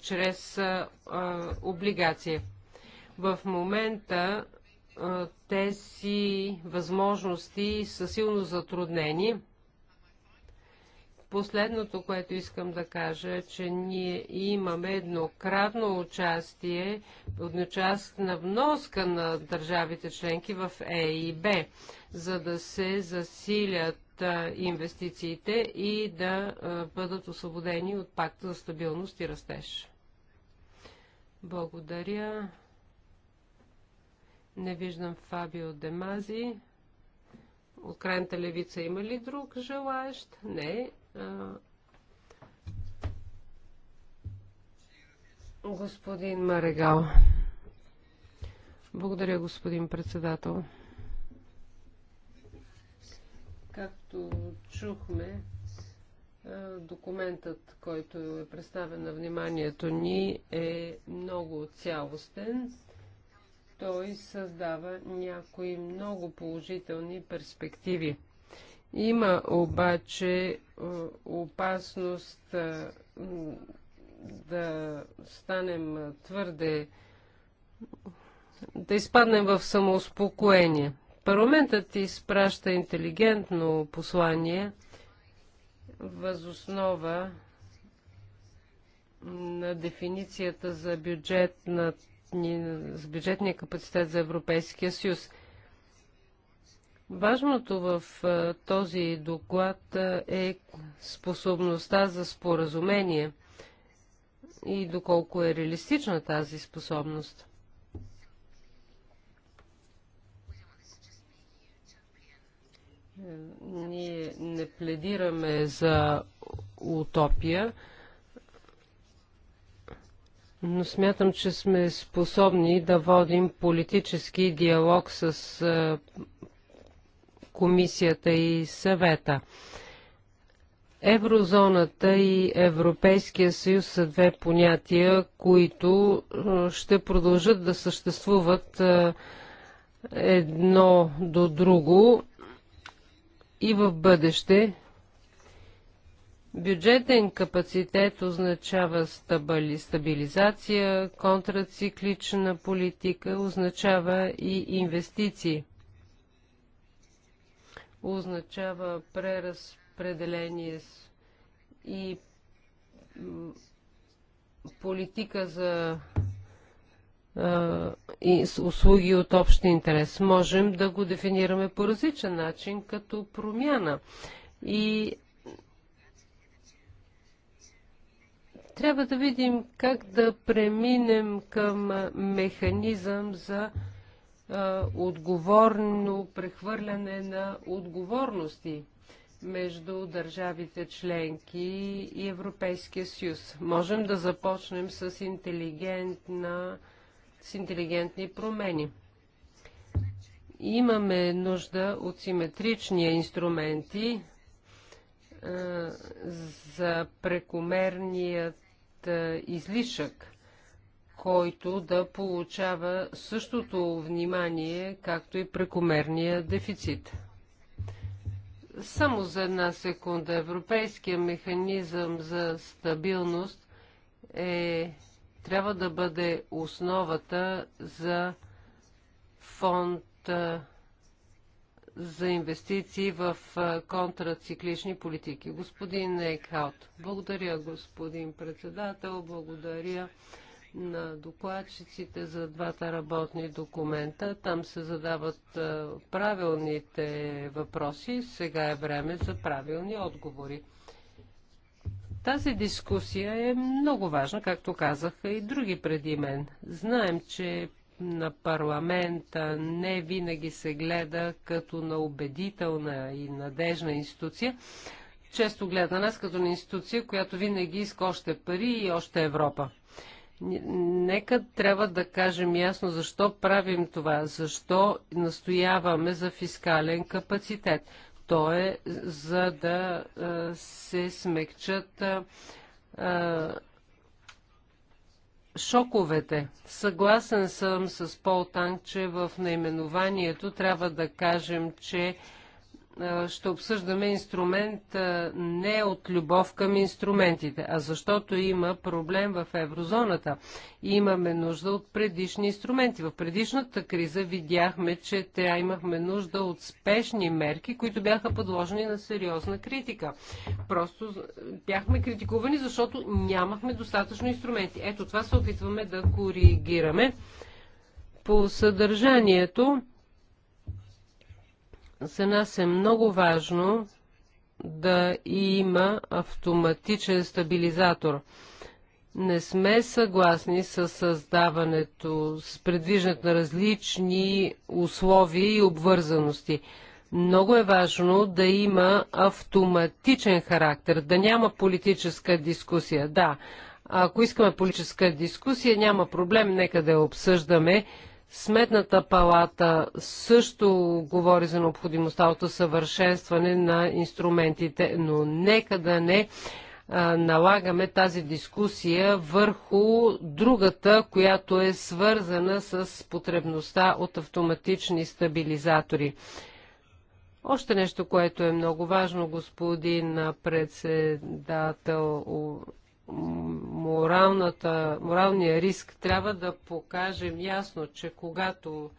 Speaker 1: чрез облигации. В момента тези възможности са силно затруднени Последното, което искам да кажа, е, че ние имаме еднократно участие, на вноска на държавите членки в Е и Б, за да се засилят инвестициите и да бъдат освободени от пакта за стабилност и растеж. Благодаря. Не виждам Фабио Демази. От крайната левица има ли друг желаещ? Не. Господин Марегал. Благодаря, господин председател. Както чухме, документът, който е представен на вниманието ни, е много цялостен. Той създава някои много положителни перспективи. Има обаче е, опасност е, да станем твърде, да изпаднем в самоуспокоение. Парламентът изпраща интелигентно послание възоснова на дефиницията за, за бюджетния капацитет за Европейския съюз. Важното в този доклад е способността за споразумение и доколко е реалистична тази способност. Ние не пледираме за утопия, но смятам, че сме способни да водим политически диалог с комисията и съвета. Еврозоната и Европейския съюз са две понятия, които ще продължат да съществуват едно до друго и в бъдеще. Бюджетен капацитет означава стабили, стабилизация, контрациклична политика означава и инвестиции – означава преразпределение и политика за и услуги от общ интерес. Можем да го дефинираме по различен начин, като промяна. И трябва да видим как да преминем към механизъм за отговорно прехвърляне на отговорности между държавите членки и Европейския съюз. Можем да започнем с, интелигентна, с интелигентни промени. Имаме нужда от симетрични инструменти а, за прекомерният а, излишък – който да получава същото внимание, както и прекомерния дефицит. Само за една секунда. Европейския механизъм за стабилност е, трябва да бъде основата за фонд за инвестиции в контрациклични политики. Господин Ейкхаут, благодаря господин председател, благодаря на докладчиците за двата работни документа. Там се задават е, правилните въпроси. Сега е време за правилни отговори. Тази дискусия е много важна, както казаха и други преди мен. Знаем, че на парламента не винаги се гледа като на убедителна и надежна институция. Често гледа нас като на институция, която винаги иска още пари и още Европа. Нека трябва да кажем ясно защо правим това, защо настояваме за фискален капацитет. То е за да се смекчат шоковете. Съгласен съм с Пол Танк, че в наименованието трябва да кажем, че ще обсъждаме инструмент не от любов към инструментите, а защото има проблем в еврозоната. И имаме нужда от предишни инструменти. В предишната криза видяхме, че тя имахме нужда от спешни мерки, които бяха подложени на сериозна критика. Просто бяхме критикувани, защото нямахме достатъчно инструменти. Ето това се опитваме да коригираме. По съдържанието за нас е много важно да има автоматичен стабилизатор. Не сме съгласни с създаването, с предвиждането на различни условия и обвързаности. Много е важно да има автоматичен характер, да няма политическа дискусия. Да, ако искаме политическа дискусия, няма проблем, нека да я обсъждаме, Сметната палата също говори за необходимостта от усъвършенстване на инструментите, но нека да не налагаме тази дискусия върху другата, която е свързана с потребността от автоматични стабилизатори. Още нещо, което е много важно, господин председател, моралната, моралния риск, трябва да покажем ясно, че когато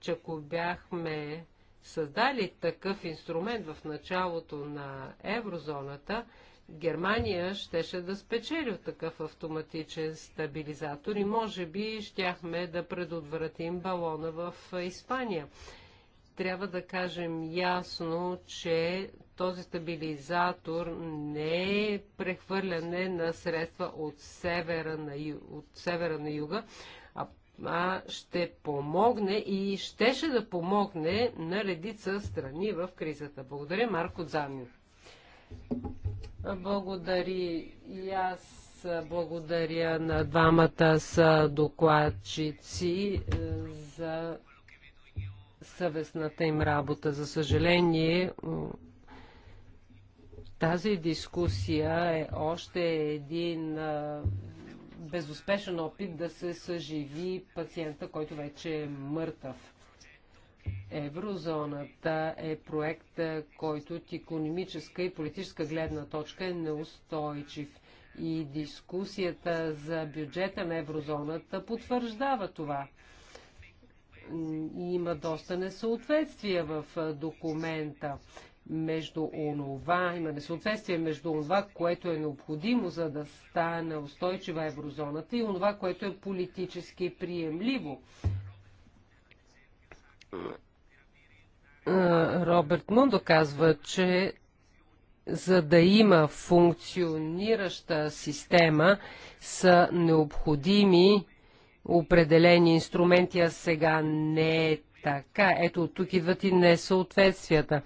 Speaker 1: че ако бяхме създали такъв инструмент в началото на еврозоната, Германия щеше да спечели от такъв автоматичен стабилизатор и може би щяхме да предотвратим балона в Испания. Трябва да кажем ясно, че този стабилизатор не е прехвърляне на средства от севера на, ю, от севера на юга, а, а ще помогне и щеше да помогне на редица страни в кризата. Благодаря, Марко Занин. Благодари и аз благодаря на двамата са докладчици е, за съвестната им работа. За съжаление, тази дискусия е още един а, безуспешен опит да се съживи пациента, който вече е мъртъв. Еврозоната е проект, който от економическа и политическа гледна точка е неустойчив. И дискусията за бюджета на еврозоната потвърждава това. Има доста несъответствия в документа между онова, има несъответствие между онова, което е необходимо, за да стане устойчива еврозоната и онова, което е политически приемливо. Роберт Мундо казва, че за да има функционираща система, са необходими определени инструменти, а сега не е така. Ето, тук идват и несъответствията.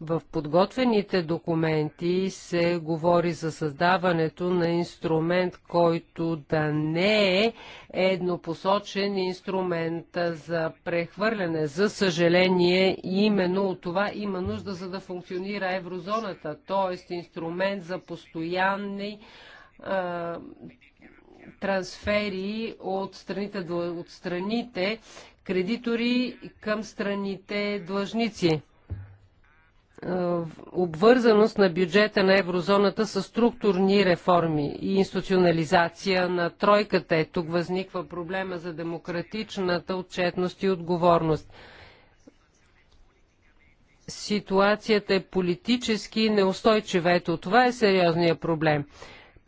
Speaker 1: В подготвените документи се говори за създаването на инструмент, който да не е еднопосочен инструмент за прехвърляне. За съжаление, именно от това има нужда, за да функционира еврозоната, т.е. инструмент за постоянни а, трансфери от страните, от страните кредитори към страните длъжници. Е, обвързаност на бюджета на еврозоната с структурни реформи и институционализация на тройката. Е, тук възниква проблема за демократичната отчетност и отговорност. Ситуацията е политически неустойчива. Ето това е сериозният проблем.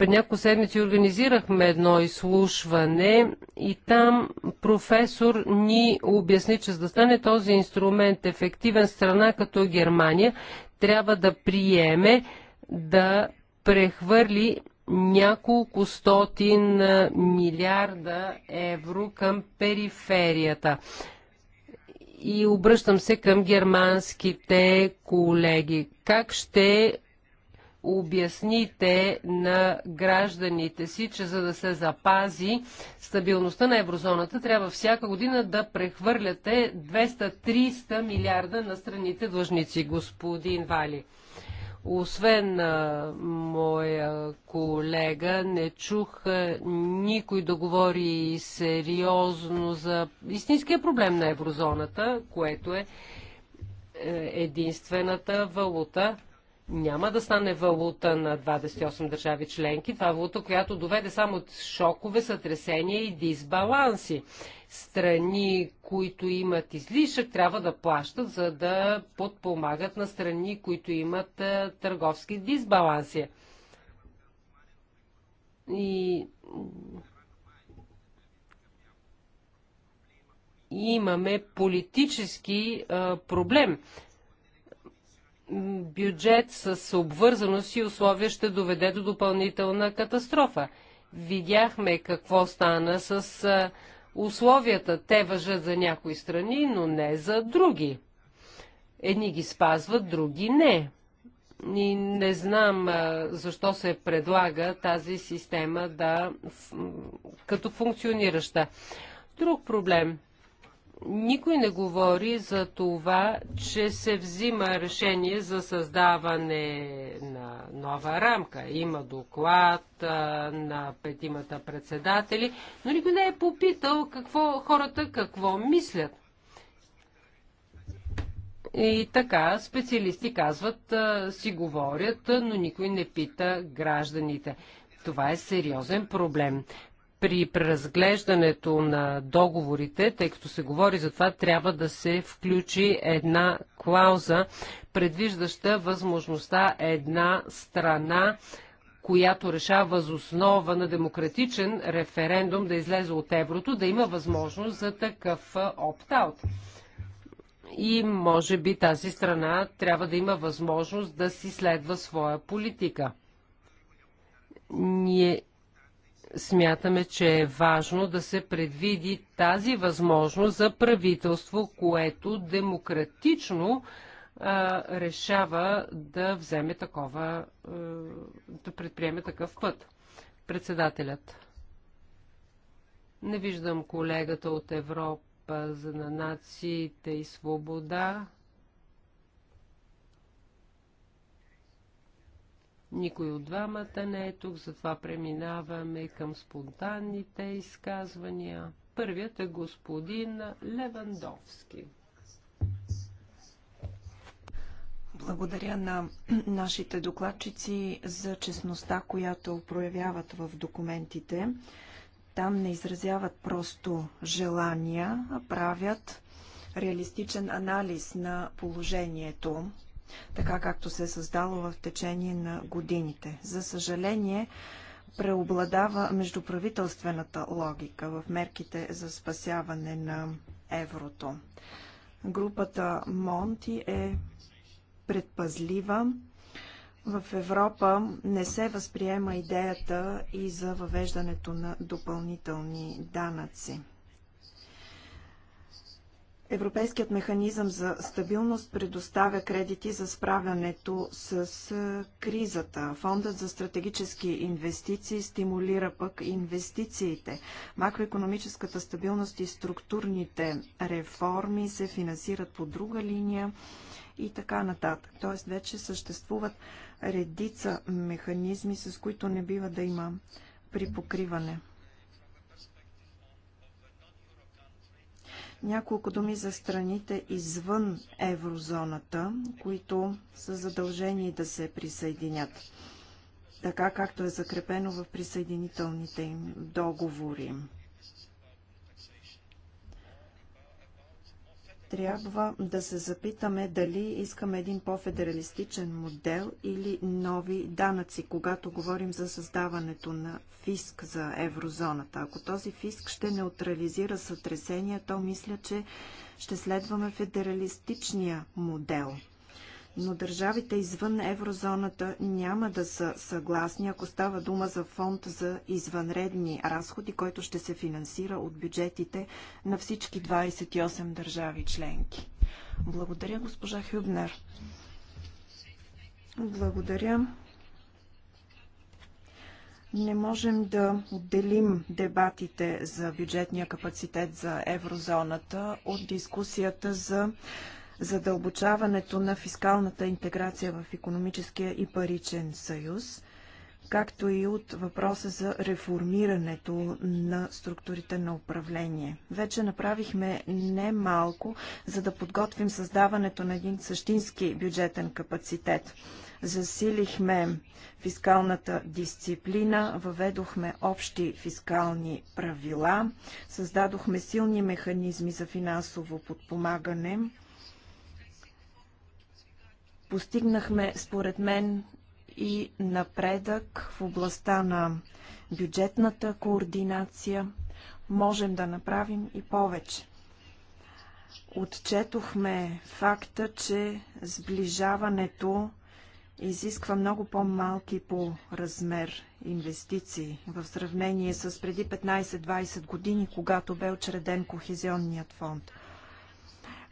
Speaker 1: Пред няколко седмици организирахме едно изслушване и там професор ни обясни, че за да стане този инструмент ефективен страна като Германия, трябва да приеме да прехвърли няколко стотин милиарда евро към периферията. И обръщам се към германските колеги. Как ще обясните на гражданите си, че за да се запази стабилността на еврозоната, трябва всяка година да прехвърляте 200-300 милиарда на страните длъжници, господин Вали. Освен моя колега, не чух никой да говори сериозно за истинския проблем на еврозоната, което е, е единствената валута, няма да стане валута на 28 държави членки. Това е валута, която доведе само от шокове, сътресения и дисбаланси. Страни, които имат излишък, трябва да плащат, за да подпомагат на страни, които имат е, търговски дисбаланси. И имаме политически а, е, проблем бюджет с обвързаност и условия ще доведе до допълнителна катастрофа. Видяхме какво стана с условията. Те въжат за някои страни, но не за други. Едни ги спазват, други не. И не знам защо се предлага тази система да, като функционираща. Друг проблем – никой не говори за това, че се взима решение за създаване на нова рамка. Има доклад а, на петимата председатели, но никой не е попитал какво хората какво мислят. И така, специалисти казват, а, си говорят, а, но никой не пита гражданите. Това е сериозен проблем при преразглеждането на договорите, тъй като се говори за това, трябва да се включи една клауза, предвиждаща възможността една страна, която решава възоснова на демократичен референдум да излезе от еврото, да има възможност за такъв опт-аут. И може би тази страна трябва да има възможност да си следва своя политика. Ние смятаме, че е важно да се предвиди тази възможност за правителство, което демократично а, решава да вземе такова, а, да предприеме такъв път. Председателят. Не виждам колегата от Европа за на нациите и свобода. Никой от двамата не е тук, затова преминаваме към спонтанните изказвания. Първият е господин Левандовски.
Speaker 2: Благодаря на нашите докладчици за честността, която проявяват в документите. Там не изразяват просто желания, а правят реалистичен анализ на положението така както се е създало в течение на годините. За съжаление, преобладава междуправителствената логика в мерките за спасяване на еврото. Групата Монти е предпазлива. В Европа не се възприема идеята и за въвеждането на допълнителни данъци. Европейският механизъм за стабилност предоставя кредити за справянето с кризата. Фондът за стратегически инвестиции стимулира пък инвестициите. Макроекономическата стабилност и структурните реформи се финансират по друга линия и така нататък. Тоест вече съществуват редица механизми, с които не бива да има припокриване. Няколко думи за страните извън еврозоната, които са задължени да се присъединят, така както е закрепено в присъединителните им договори. трябва да се запитаме дали искаме един по-федералистичен модел или нови данъци, когато говорим за създаването на фиск за еврозоната. Ако този фиск ще неутрализира сътресения, то мисля, че ще следваме федералистичния модел – но държавите извън еврозоната няма да са съгласни, ако става дума за фонд за извънредни разходи, който ще се финансира от бюджетите на всички 28 държави членки. Благодаря, госпожа Хюбнер. Благодаря. Не можем да отделим дебатите за бюджетния капацитет за еврозоната от дискусията за задълбочаването на фискалната интеграция в економическия и паричен съюз, както и от въпроса за реформирането на структурите на управление. Вече направихме немалко, за да подготвим създаването на един същински бюджетен капацитет засилихме фискалната дисциплина, въведохме общи фискални правила, създадохме силни механизми за финансово подпомагане, Постигнахме, според мен, и напредък в областта на бюджетната координация. Можем да направим и повече. Отчетохме факта, че сближаването изисква много по-малки по размер инвестиции в сравнение с преди 15-20 години, когато бе очреден Кохезионният фонд.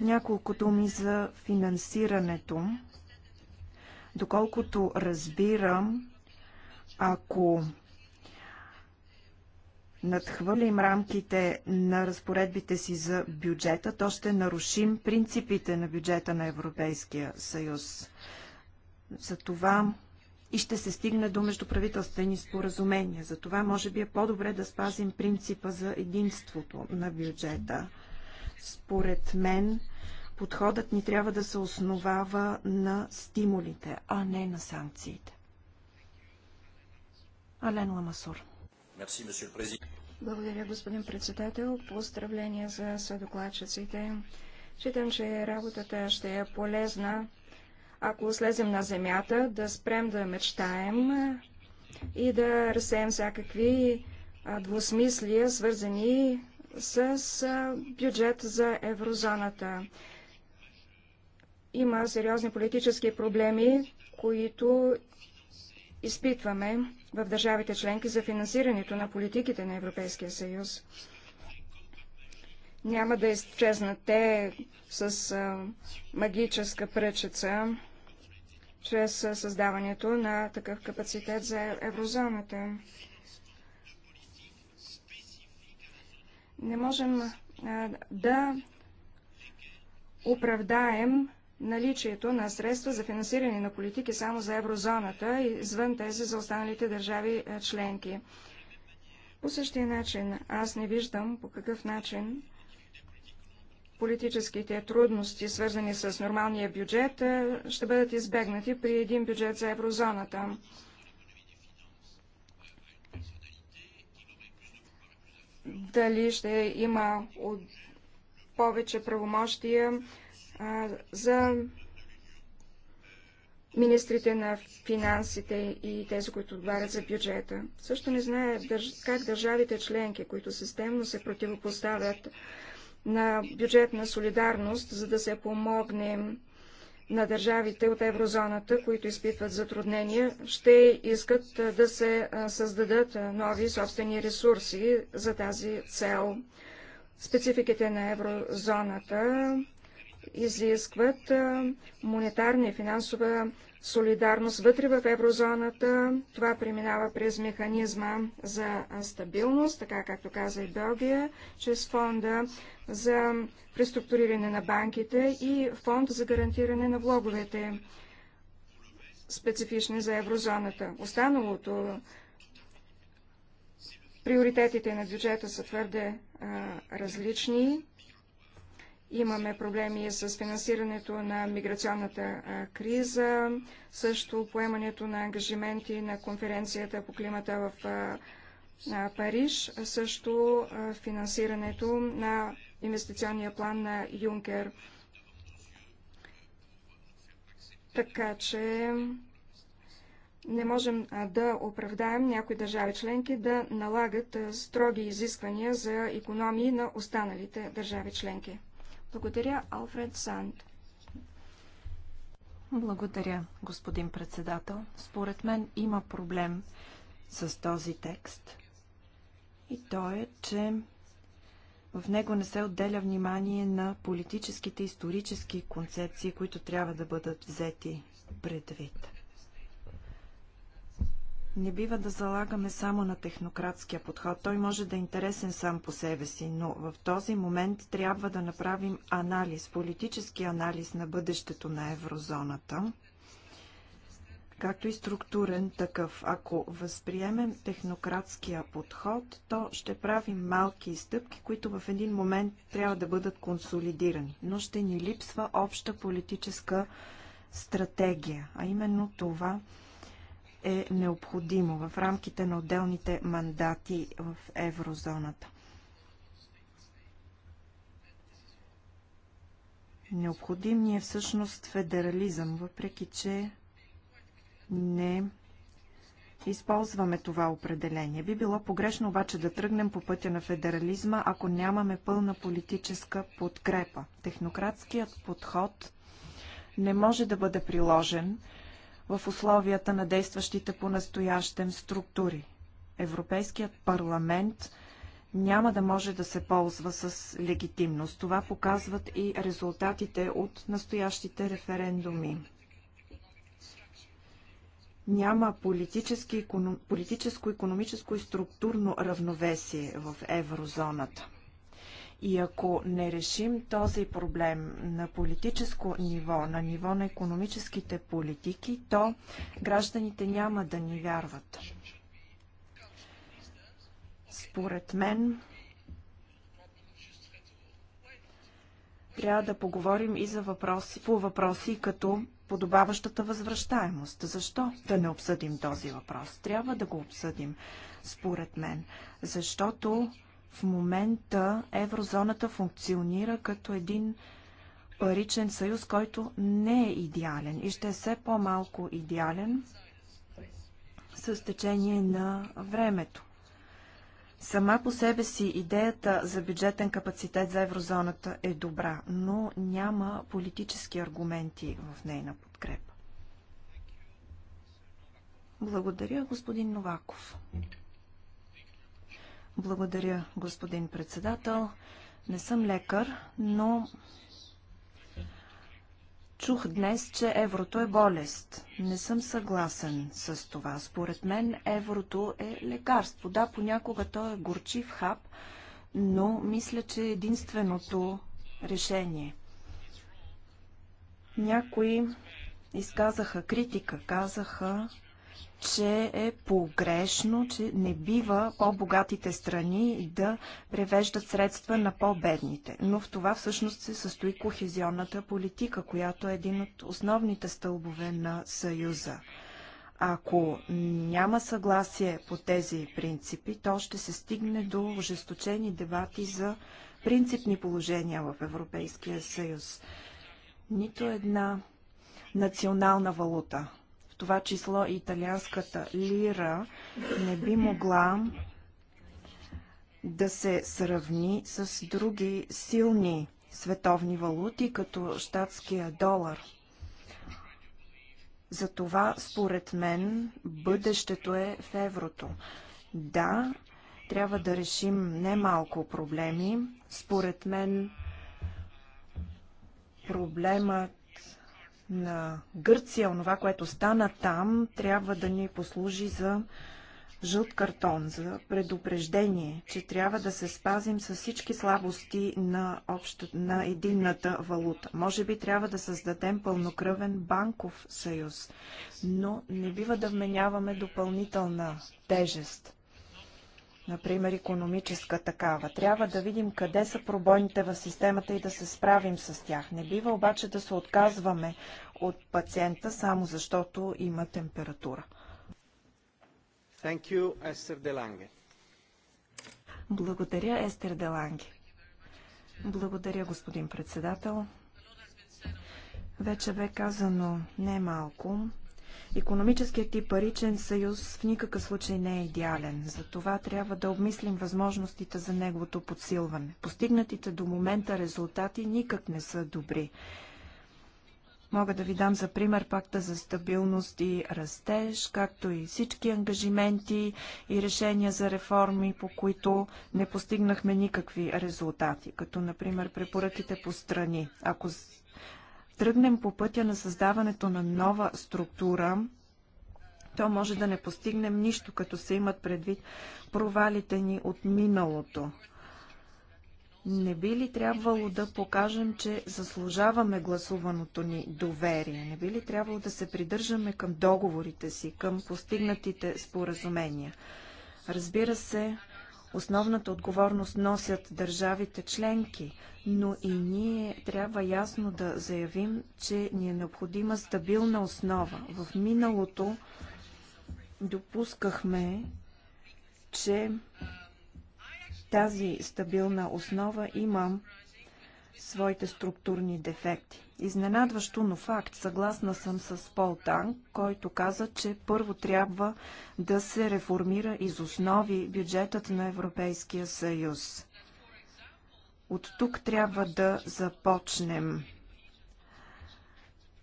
Speaker 2: Няколко думи за финансирането. Доколкото разбирам, ако надхвърлим рамките на разпоредбите си за бюджета, то ще нарушим принципите на бюджета на Европейския съюз. За това и ще се стигне до междуправителствени споразумения. Затова може би е по-добре да спазим принципа за единството на бюджета. Според мен подходът ни трябва да се основава на стимулите, а не на санкциите. Ален Ламасур.
Speaker 3: Благодаря, господин председател. Поздравления за съдокладчиците. Считам, че работата ще е полезна, ако слезем на земята, да спрем да мечтаем и да разсеем всякакви двусмислия, свързани с бюджет за еврозоната. Има сериозни политически проблеми, които изпитваме в държавите членки за финансирането на политиките на Европейския съюз. Няма да изчезнат те с магическа пръчица, чрез създаването на такъв капацитет за еврозоната. Не можем да оправдаем наличието на средства за финансиране на политики само за еврозоната и извън тези за останалите държави е, членки. По същия начин аз не виждам по какъв начин политическите трудности, свързани с нормалния бюджет, е, ще бъдат избегнати при един бюджет за еврозоната. Дали ще има повече правомощия за министрите на финансите и тези, които отговарят за бюджета. Също не знае как държавите членки, които системно се противопоставят на бюджетна солидарност, за да се помогне на държавите от еврозоната, които изпитват затруднения, ще искат да се създадат нови собствени ресурси за тази цел. Спецификите на еврозоната изискват монетарна и финансова солидарност вътре в еврозоната. Това преминава през механизма за стабилност, така както каза и Белгия, чрез фонда за преструктуриране на банките и фонд за гарантиране на влоговете, специфични за еврозоната. Останалото приоритетите на бюджета са твърде а, различни Имаме проблеми с финансирането на миграционната криза, също поемането на ангажименти на конференцията по климата в Париж, също финансирането на инвестиционния план на Юнкер. Така че не можем да оправдаем някои държави членки да налагат строги изисквания за економии на останалите държави членки. Благодаря, Алфред Санд.
Speaker 2: Благодаря, господин председател. Според мен има проблем с този текст. И то е, че в него не се отделя внимание на политическите исторически концепции, които трябва да бъдат взети предвид. Не бива да залагаме само на технократския подход. Той може да е интересен сам по себе си, но в този момент трябва да направим анализ, политически анализ на бъдещето на еврозоната, както и структурен такъв. Ако възприемем технократския подход, то ще правим малки стъпки, които в един момент трябва да бъдат консолидирани. Но ще ни липсва обща политическа стратегия, а именно това – е необходимо в рамките на отделните мандати в еврозоната. Необходим ни е всъщност федерализъм, въпреки че не използваме това определение. Би било погрешно обаче да тръгнем по пътя на федерализма, ако нямаме пълна политическа подкрепа. Технократският подход не може да бъде приложен в условията на действащите по настоящем структури. Европейският парламент няма да може да се ползва с легитимност. Това показват и резултатите от настоящите референдуми. Няма политическо-економическо и структурно равновесие в еврозоната. И ако не решим този проблем на политическо ниво, на ниво на економическите политики, то гражданите няма да ни вярват. Според мен, трябва да поговорим и за въпроси, по въпроси като подобаващата възвръщаемост. Защо да не обсъдим този въпрос? Трябва да го обсъдим, според мен. Защото в момента еврозоната функционира като един паричен съюз, който не е идеален и ще е все по-малко идеален с течение на времето. Сама по себе си идеята за бюджетен капацитет за еврозоната е добра, но няма политически аргументи в нейна подкрепа. Благодаря, господин Новаков. Благодаря, господин председател. Не съм лекар, но чух днес, че еврото е болест. Не съм съгласен с това. Според мен еврото е лекарство. Да, понякога то е горчив хап, но мисля, че е единственото решение. Някои изказаха критика, казаха, че е погрешно, че не бива по-богатите страни да превеждат средства на по-бедните. Но в това всъщност се състои кохезионната политика, която е един от основните стълбове на Съюза. Ако няма съгласие по тези принципи, то ще се стигне до ожесточени дебати за принципни положения в Европейския съюз. Нито една национална валута това число и италианската лира, не би могла да се сравни с други силни световни валути, като щатския долар. Затова, според мен, бъдещето е в еврото. Да, трябва да решим немалко проблеми. Според мен, проблемът на Гърция, онова, което стана там, трябва да ни послужи за жълт картон, за предупреждение, че трябва да се спазим с всички слабости на, обща, на единната валута. Може би трябва да създадем пълнокръвен банков съюз, но не бива да вменяваме допълнителна тежест например економическа такава. Трябва да видим къде са пробойните в системата и да се справим с тях. Не бива обаче да се отказваме от пациента само защото има температура. Thank you, Благодаря, Естер Деланге. Благодаря, господин председател. Вече бе казано не малко. Економическият и паричен съюз в никакъв случай не е идеален. Затова трябва да обмислим възможностите за неговото подсилване. Постигнатите до момента резултати никак не са добри. Мога да ви дам за пример пакта за стабилност и растеж, както и всички ангажименти и решения за реформи, по които не постигнахме никакви резултати, като например препоръките по страни. Ако тръгнем по пътя на създаването на нова структура, то може да не постигнем нищо, като се имат предвид провалите ни от миналото. Не би ли трябвало да покажем, че заслужаваме гласуваното ни доверие? Не би ли трябвало да се придържаме към договорите си, към постигнатите споразумения? Разбира се, Основната отговорност носят държавите членки, но и ние трябва ясно да заявим, че ни е необходима стабилна основа. В миналото допускахме, че тази стабилна основа има своите структурни дефекти. Изненадващо, но факт. Съгласна съм с Пол Танг, който каза, че първо трябва да се реформира из основи бюджетът на Европейския съюз. От тук трябва да започнем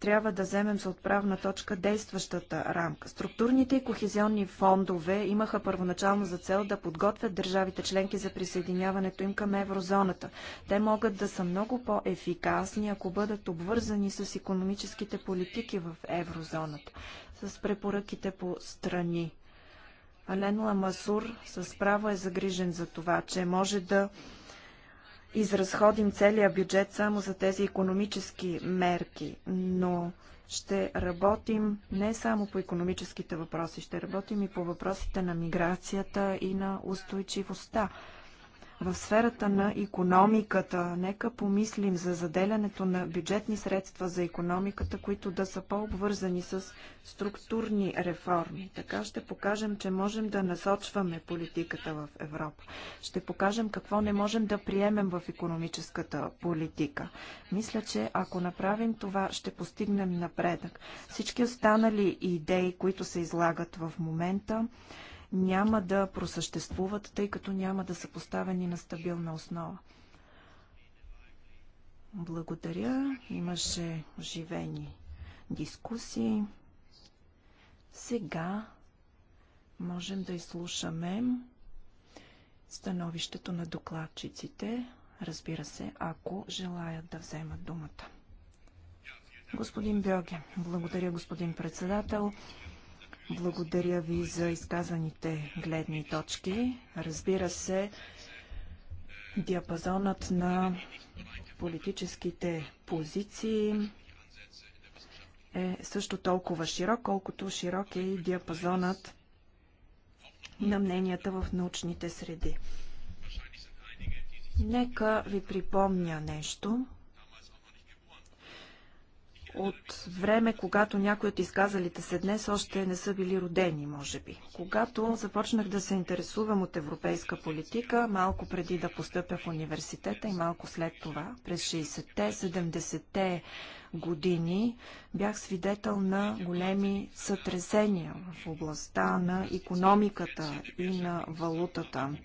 Speaker 2: трябва да вземем за отправна точка действащата рамка. Структурните и кохезионни фондове имаха първоначално за цел да подготвят държавите членки за присъединяването им към еврозоната. Те могат да са много по-ефикасни, ако бъдат обвързани с економическите политики в еврозоната, с препоръките по страни. Ален Ламасур с право е загрижен за това, че може да изразходим целия бюджет само за тези економически мерки, но ще работим не само по економическите въпроси, ще работим и по въпросите на миграцията и на устойчивостта. В сферата на економиката, нека помислим за заделянето на бюджетни средства за економиката, които да са по-обвързани с структурни реформи. Така ще покажем, че можем да насочваме политиката в Европа. Ще покажем какво не можем да приемем в економическата политика. Мисля, че ако направим това, ще постигнем напредък. Всички останали идеи, които се излагат в момента, няма да просъществуват, тъй като няма да са поставени на стабилна основа. Благодаря. Имаше оживени дискусии. Сега можем да изслушаме становището на докладчиците, разбира се, ако желаят да вземат думата. Господин Бьоге, благодаря господин председател. Благодаря ви за изказаните гледни точки. Разбира се, диапазонът на политическите позиции е също толкова широк, колкото широк е и диапазонът на мненията в научните среди. Нека ви припомня нещо от време, когато някои от изказалите се днес още не са били родени, може би. Когато започнах да се интересувам от европейска политика, малко преди да постъпя в университета и малко след това, през 60-те, 70-те години, бях свидетел на големи сътресения в областта на економиката и на валутата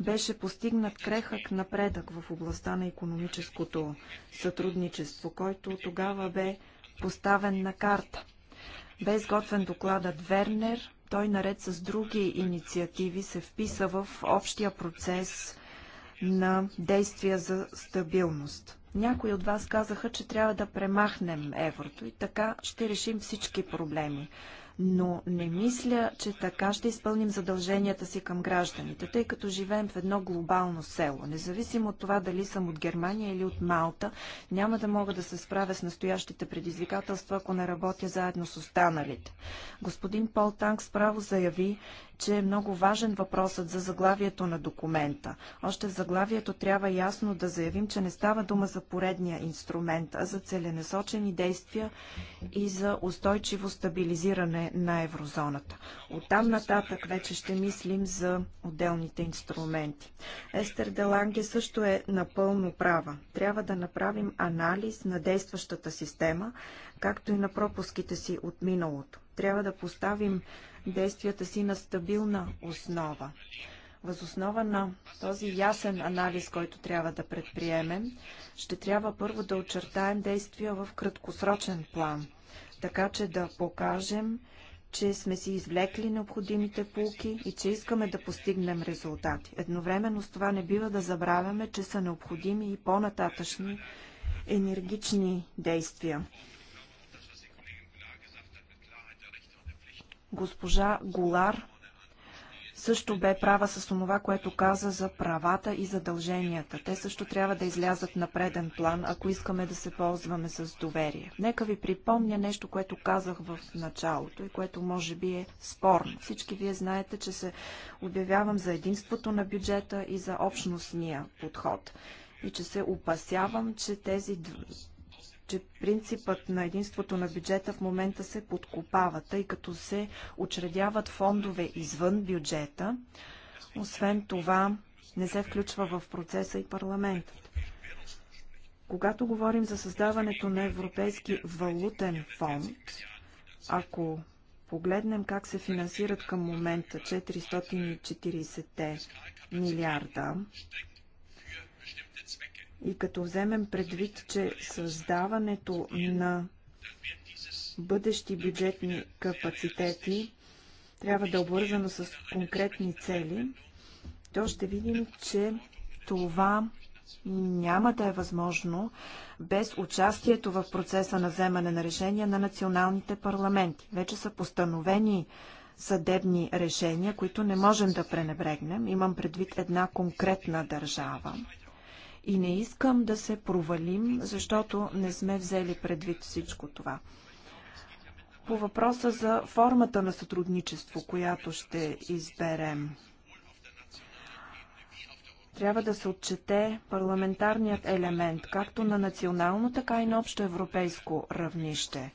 Speaker 2: беше постигнат крехък напредък в областта на економическото сътрудничество, който тогава бе поставен на карта. Бе изготвен докладът Вернер. Той наред с други инициативи се вписа в общия процес на действия за стабилност. Някои от вас казаха, че трябва да премахнем еврото и така ще решим всички проблеми но не мисля, че така ще изпълним задълженията си към гражданите, тъй като живеем в едно глобално село. Независимо от това дали съм от Германия или от Малта, няма да мога да се справя с настоящите предизвикателства, ако не работя заедно с останалите. Господин Пол Танк справо заяви, че е много важен въпросът за заглавието на документа. Още в заглавието трябва ясно да заявим, че не става дума за поредния инструмент, а за целенасочени действия и за устойчиво стабилизиране на еврозоната. Оттам нататък вече ще мислим за отделните инструменти. Естер Деланге също е напълно права. Трябва да направим анализ на действащата система, както и на пропуските си от миналото. Трябва да поставим действията си на стабилна основа. Възоснова на този ясен анализ, който трябва да предприемем, ще трябва първо да очертаем действия в краткосрочен план, така че да покажем, че сме си извлекли необходимите полки и че искаме да постигнем резултати. Едновременно с това не бива да забравяме, че са необходими и по-нататъчни енергични действия. Госпожа Голар също бе права с онова, което каза за правата и задълженията. Те също трябва да излязат на преден план, ако искаме да се ползваме с доверие. Нека ви припомня нещо, което казах в началото и което може би е спорно. Всички вие знаете, че се обявявам за единството на бюджета и за общностния подход и че се опасявам, че тези че принципът на единството на бюджета в момента се подкопава, тъй като се учредяват фондове извън бюджета. Освен това, не се включва в процеса и парламентът. Когато говорим за създаването на Европейски валутен фонд, ако погледнем как се финансират към момента 440 милиарда, и като вземем предвид, че създаването на бъдещи бюджетни капацитети трябва да е обвързано с конкретни цели, то ще видим, че това няма да е възможно без участието в процеса на вземане на решения на националните парламенти. Вече са постановени съдебни решения, които не можем да пренебрегнем. Имам предвид една конкретна държава. И не искам да се провалим, защото не сме взели предвид всичко това. По въпроса за формата на сътрудничество, която ще изберем трябва да се отчете парламентарният елемент, както на национално, така и на общо европейско равнище.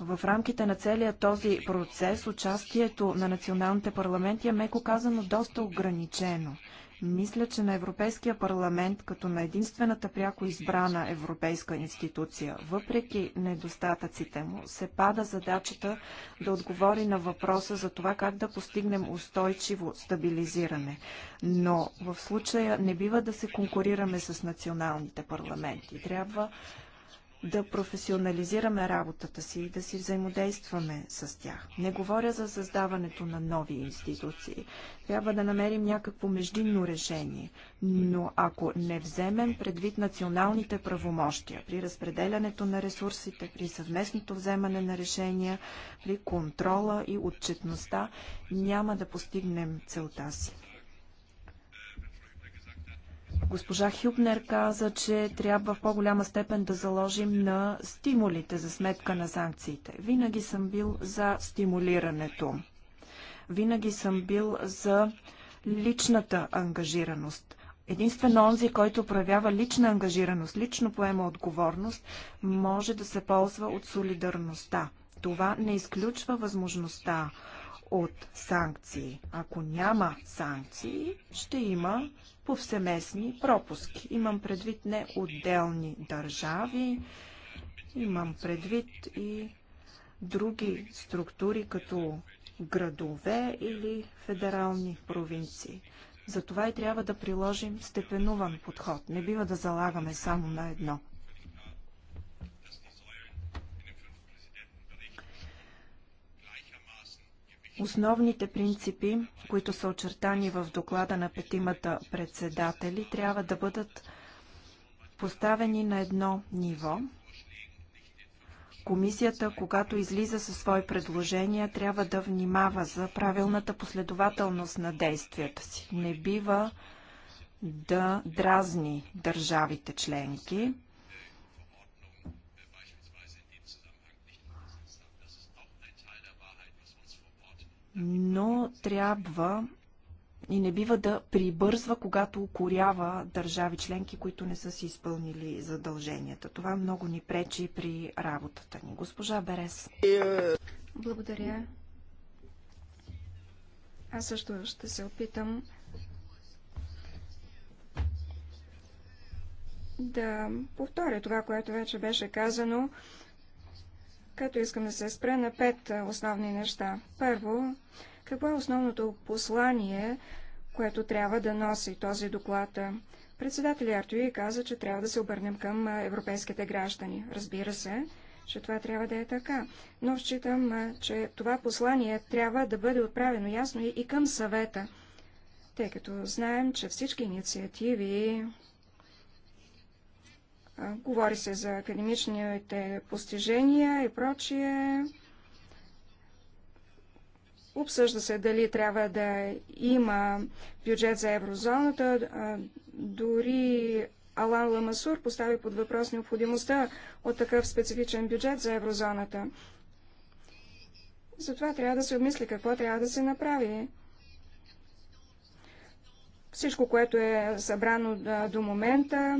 Speaker 2: В рамките на целия този процес участието на националните парламенти е, меко казано, доста ограничено. Мисля, че на Европейския парламент, като на единствената пряко избрана европейска институция, въпреки недостатъците му, се пада задачата да отговори на въпроса за това как да постигнем устойчиво стабилизиране. Но в случая не бива да се конкурираме с националните парламенти. Трябва да професионализираме работата си и да си взаимодействаме с тях. Не говоря за създаването на нови институции. Трябва да намерим някакво междинно решение. Но ако не вземем предвид националните правомощия при разпределянето на ресурсите, при съвместното вземане на решения, при контрола и отчетността, няма да постигнем целта си. Госпожа Хюбнер каза, че трябва в по-голяма степен да заложим на стимулите за сметка на санкциите. Винаги съм бил за стимулирането. Винаги съм бил за личната ангажираност. Единствено онзи, който проявява лична ангажираност, лично поема отговорност, може да се ползва от солидарността. Това не изключва възможността от санкции. Ако няма санкции, ще има повсеместни пропуски. Имам предвид не отделни държави, имам предвид и други структури, като градове или федерални провинции. Затова и трябва да приложим степенуван подход. Не бива да залагаме само на едно. Основните принципи, които са очертани в доклада на петимата председатели, трябва да бъдат поставени на едно ниво. Комисията, когато излиза със свои предложения, трябва да внимава за правилната последователност на действията си. Не бива да дразни държавите членки. но трябва и не бива да прибързва, когато укорява държави членки, които не са си изпълнили задълженията. Това много ни пречи при работата ни. Госпожа Берес.
Speaker 3: Благодаря. Аз също ще се опитам да повторя това, което вече беше казано като искам да се спра на пет основни неща. Първо, какво е основното послание, което трябва да носи този доклад? Председателя Артуи каза, че трябва да се обърнем към европейските граждани. Разбира се, че това трябва да е така. Но считам, че това послание трябва да бъде отправено ясно и към съвета, тъй като знаем, че всички инициативи, Говори се за академичните постижения и прочие. Обсъжда се дали трябва да има бюджет за еврозоната. Дори Алан Ламасур постави под въпрос необходимостта от такъв специфичен бюджет за еврозоната. Затова трябва да се обмисли какво трябва да се направи. Всичко, което е събрано до момента,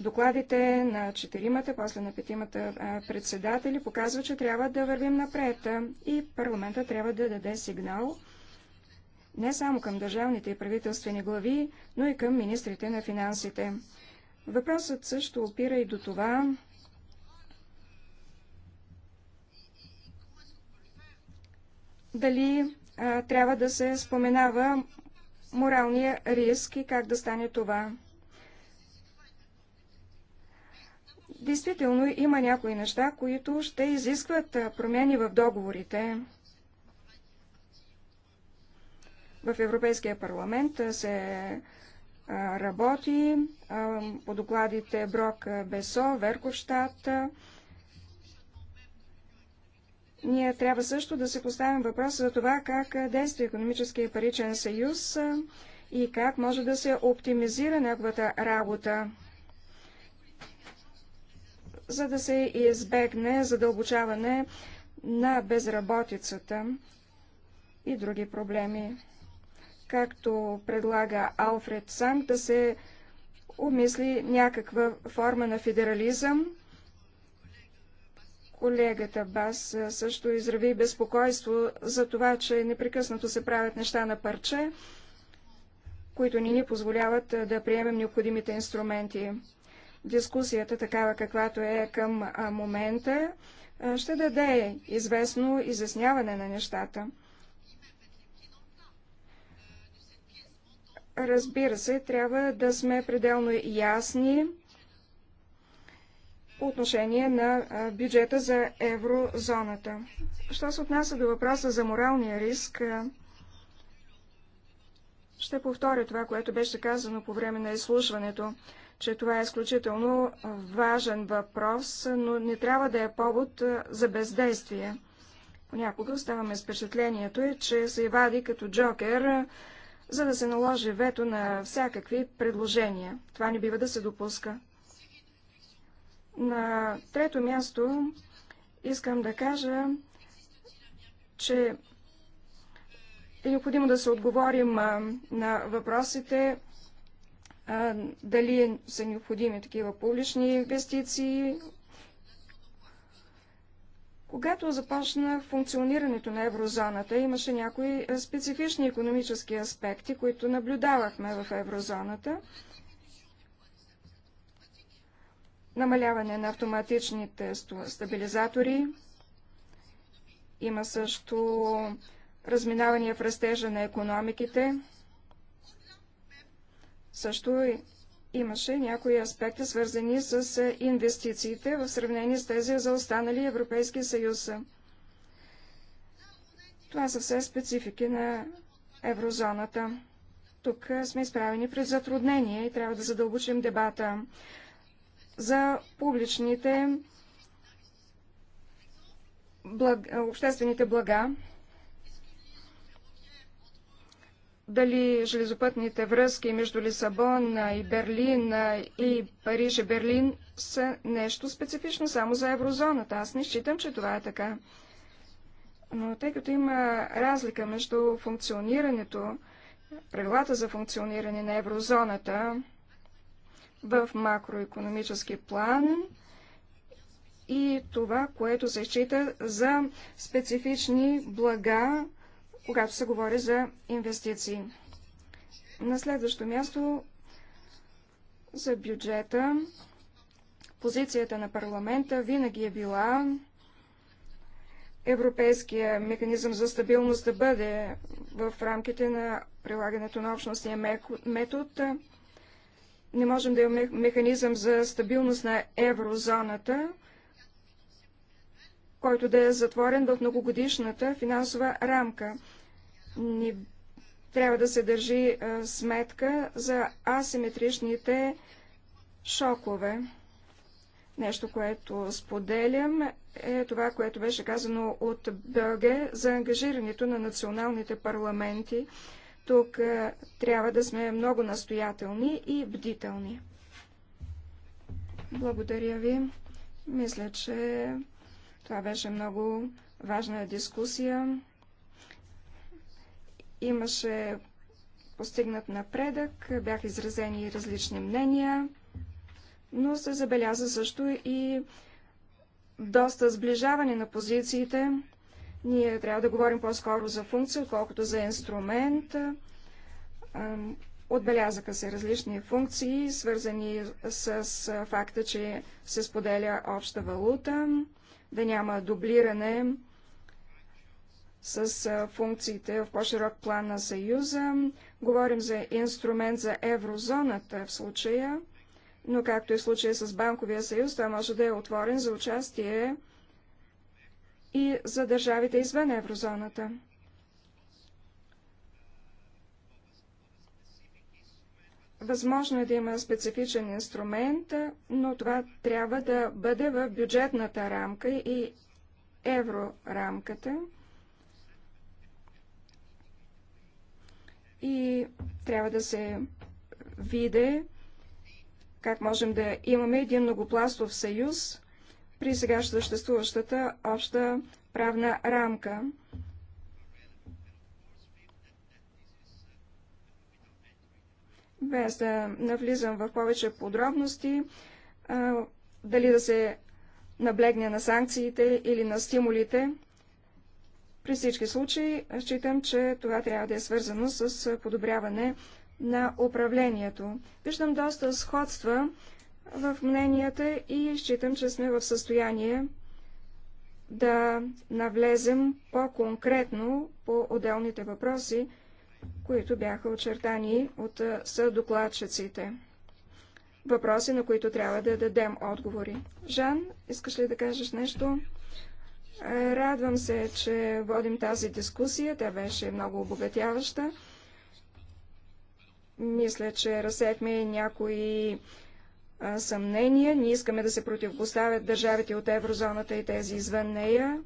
Speaker 3: Докладите на четиримата, после на петимата председатели показват, че трябва да вървим напред и парламента трябва да даде сигнал не само към държавните и правителствени глави, но и към министрите на финансите. Въпросът също опира и до това, дали а, трябва да се споменава моралния риск и как да стане това. Действително има някои неща, които ще изискват промени в договорите. В Европейския парламент се работи по докладите Брок Бесо, Веркоштадт. Ние трябва също да се поставим въпроса за това как действа економическия и паричен съюз и как може да се оптимизира неговата работа за да се избегне задълбочаване на безработицата и други проблеми. Както предлага Алфред Санг, да се умисли някаква форма на федерализъм. Колегата Бас също израви безпокойство за това, че непрекъснато се правят неща на парче, които ни ни позволяват да приемем необходимите инструменти дискусията такава каквато е към момента, ще даде известно изясняване на нещата. Разбира се, трябва да сме пределно ясни по отношение на бюджета за еврозоната. Що се отнася до въпроса за моралния риск, ще повторя това, което беше казано по време на изслушването че това е изключително важен въпрос, но не трябва да е повод за бездействие. Понякога оставаме с впечатлението, е, че се вади като джокер, за да се наложи вето на всякакви предложения. Това не бива да се допуска. На трето място искам да кажа, че е необходимо да се отговорим на въпросите дали са необходими такива публични инвестиции. Когато започна функционирането на еврозоната, имаше някои специфични економически аспекти, които наблюдавахме в еврозоната. Намаляване на автоматичните стабилизатори. Има също разминавания в растежа на економиките. Също имаше някои аспекти, свързани с е, инвестициите в сравнение с тези за останали Европейски съюз. Това са все специфики на еврозоната. Тук е, сме изправени пред затруднение и трябва да задълбочим дебата за публичните благ... Е, обществените блага. дали железопътните връзки между Лисабон и Берлин и Париж и Берлин са нещо специфично само за еврозоната. Аз не считам, че това е така. Но тъй като има разлика между функционирането, правилата за функциониране на еврозоната в макроекономически план и това, което се счита за специфични блага когато се говори за инвестиции. На следващо място за бюджета. Позицията на парламента винаги е била Европейския механизъм за стабилност да бъде в рамките на прилагането на общностния метод. Не можем да имаме механизъм за стабилност на еврозоната, който да е затворен в многогодишната финансова рамка ни трябва да се държи а, сметка за асиметричните шокове. Нещо, което споделям е това, което беше казано от Бълге за ангажирането на националните парламенти. Тук а, трябва да сме много настоятелни и бдителни. Благодаря ви. Мисля, че това беше много важна дискусия. Имаше постигнат напредък, бяха изразени различни мнения, но се забеляза също и доста сближаване на позициите. Ние трябва да говорим по-скоро за функция, отколкото за инструмент. Отбелязаха се различни функции, свързани с факта, че се споделя обща валута, да няма дублиране с функциите в по-широк план на Съюза. Говорим за инструмент за еврозоната в случая, но както и е в случая с Банковия съюз, той може да е отворен за участие и за държавите извън еврозоната. Възможно е да има специфичен инструмент, но това трябва да бъде в бюджетната рамка и еврорамката. и трябва да се види как можем да имаме един многопластов съюз при сега съществуващата обща правна рамка. Без да навлизам в повече подробности, дали да се наблегне на санкциите или на стимулите, при всички случаи считам, че това трябва да е свързано с подобряване на управлението. Виждам доста сходства в мненията и считам, че сме в състояние да навлезем по-конкретно по отделните въпроси, които бяха очертани от съдокладчиците. Въпроси, на които трябва да дадем отговори. Жан, искаш ли да кажеш нещо? Радвам се, че водим тази дискусия. Тя беше много обогатяваща. Мисля, че разсехме някои съмнения. Ние искаме да се противопоставят държавите от еврозоната и тези извън нея.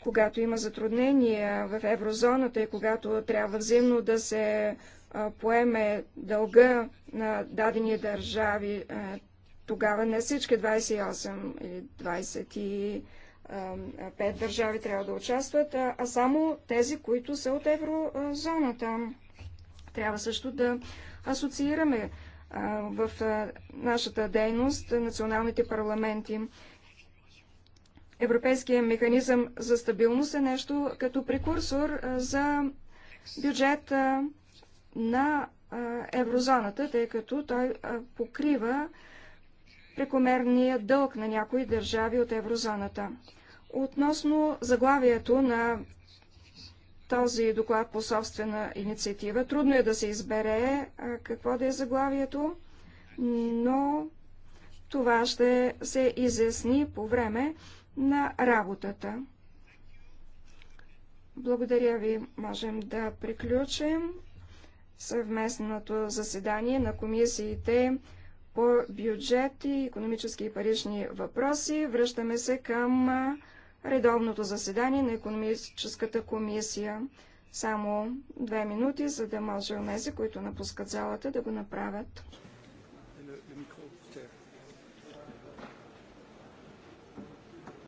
Speaker 3: Когато има затруднения в еврозоната и когато трябва взаимно да се поеме дълга на дадени държави тогава не всички 28 или 25 държави трябва да участват, а само тези, които са от еврозоната. Трябва също да асоциираме в нашата дейност националните парламенти. Европейския механизъм за стабилност е нещо като прекурсор за бюджет на еврозоната, тъй като той покрива прекомерния дълг на някои държави от еврозоната. Относно заглавието на този доклад по собствена инициатива, трудно е да се избере какво да е заглавието, но това ще се изясни по време на работата. Благодаря ви. Можем да приключим съвместното заседание на комисиите по бюджет и економически и парични въпроси. Връщаме се към редовното заседание на економическата комисия. Само две минути, за да може онези, които напускат залата, да го направят.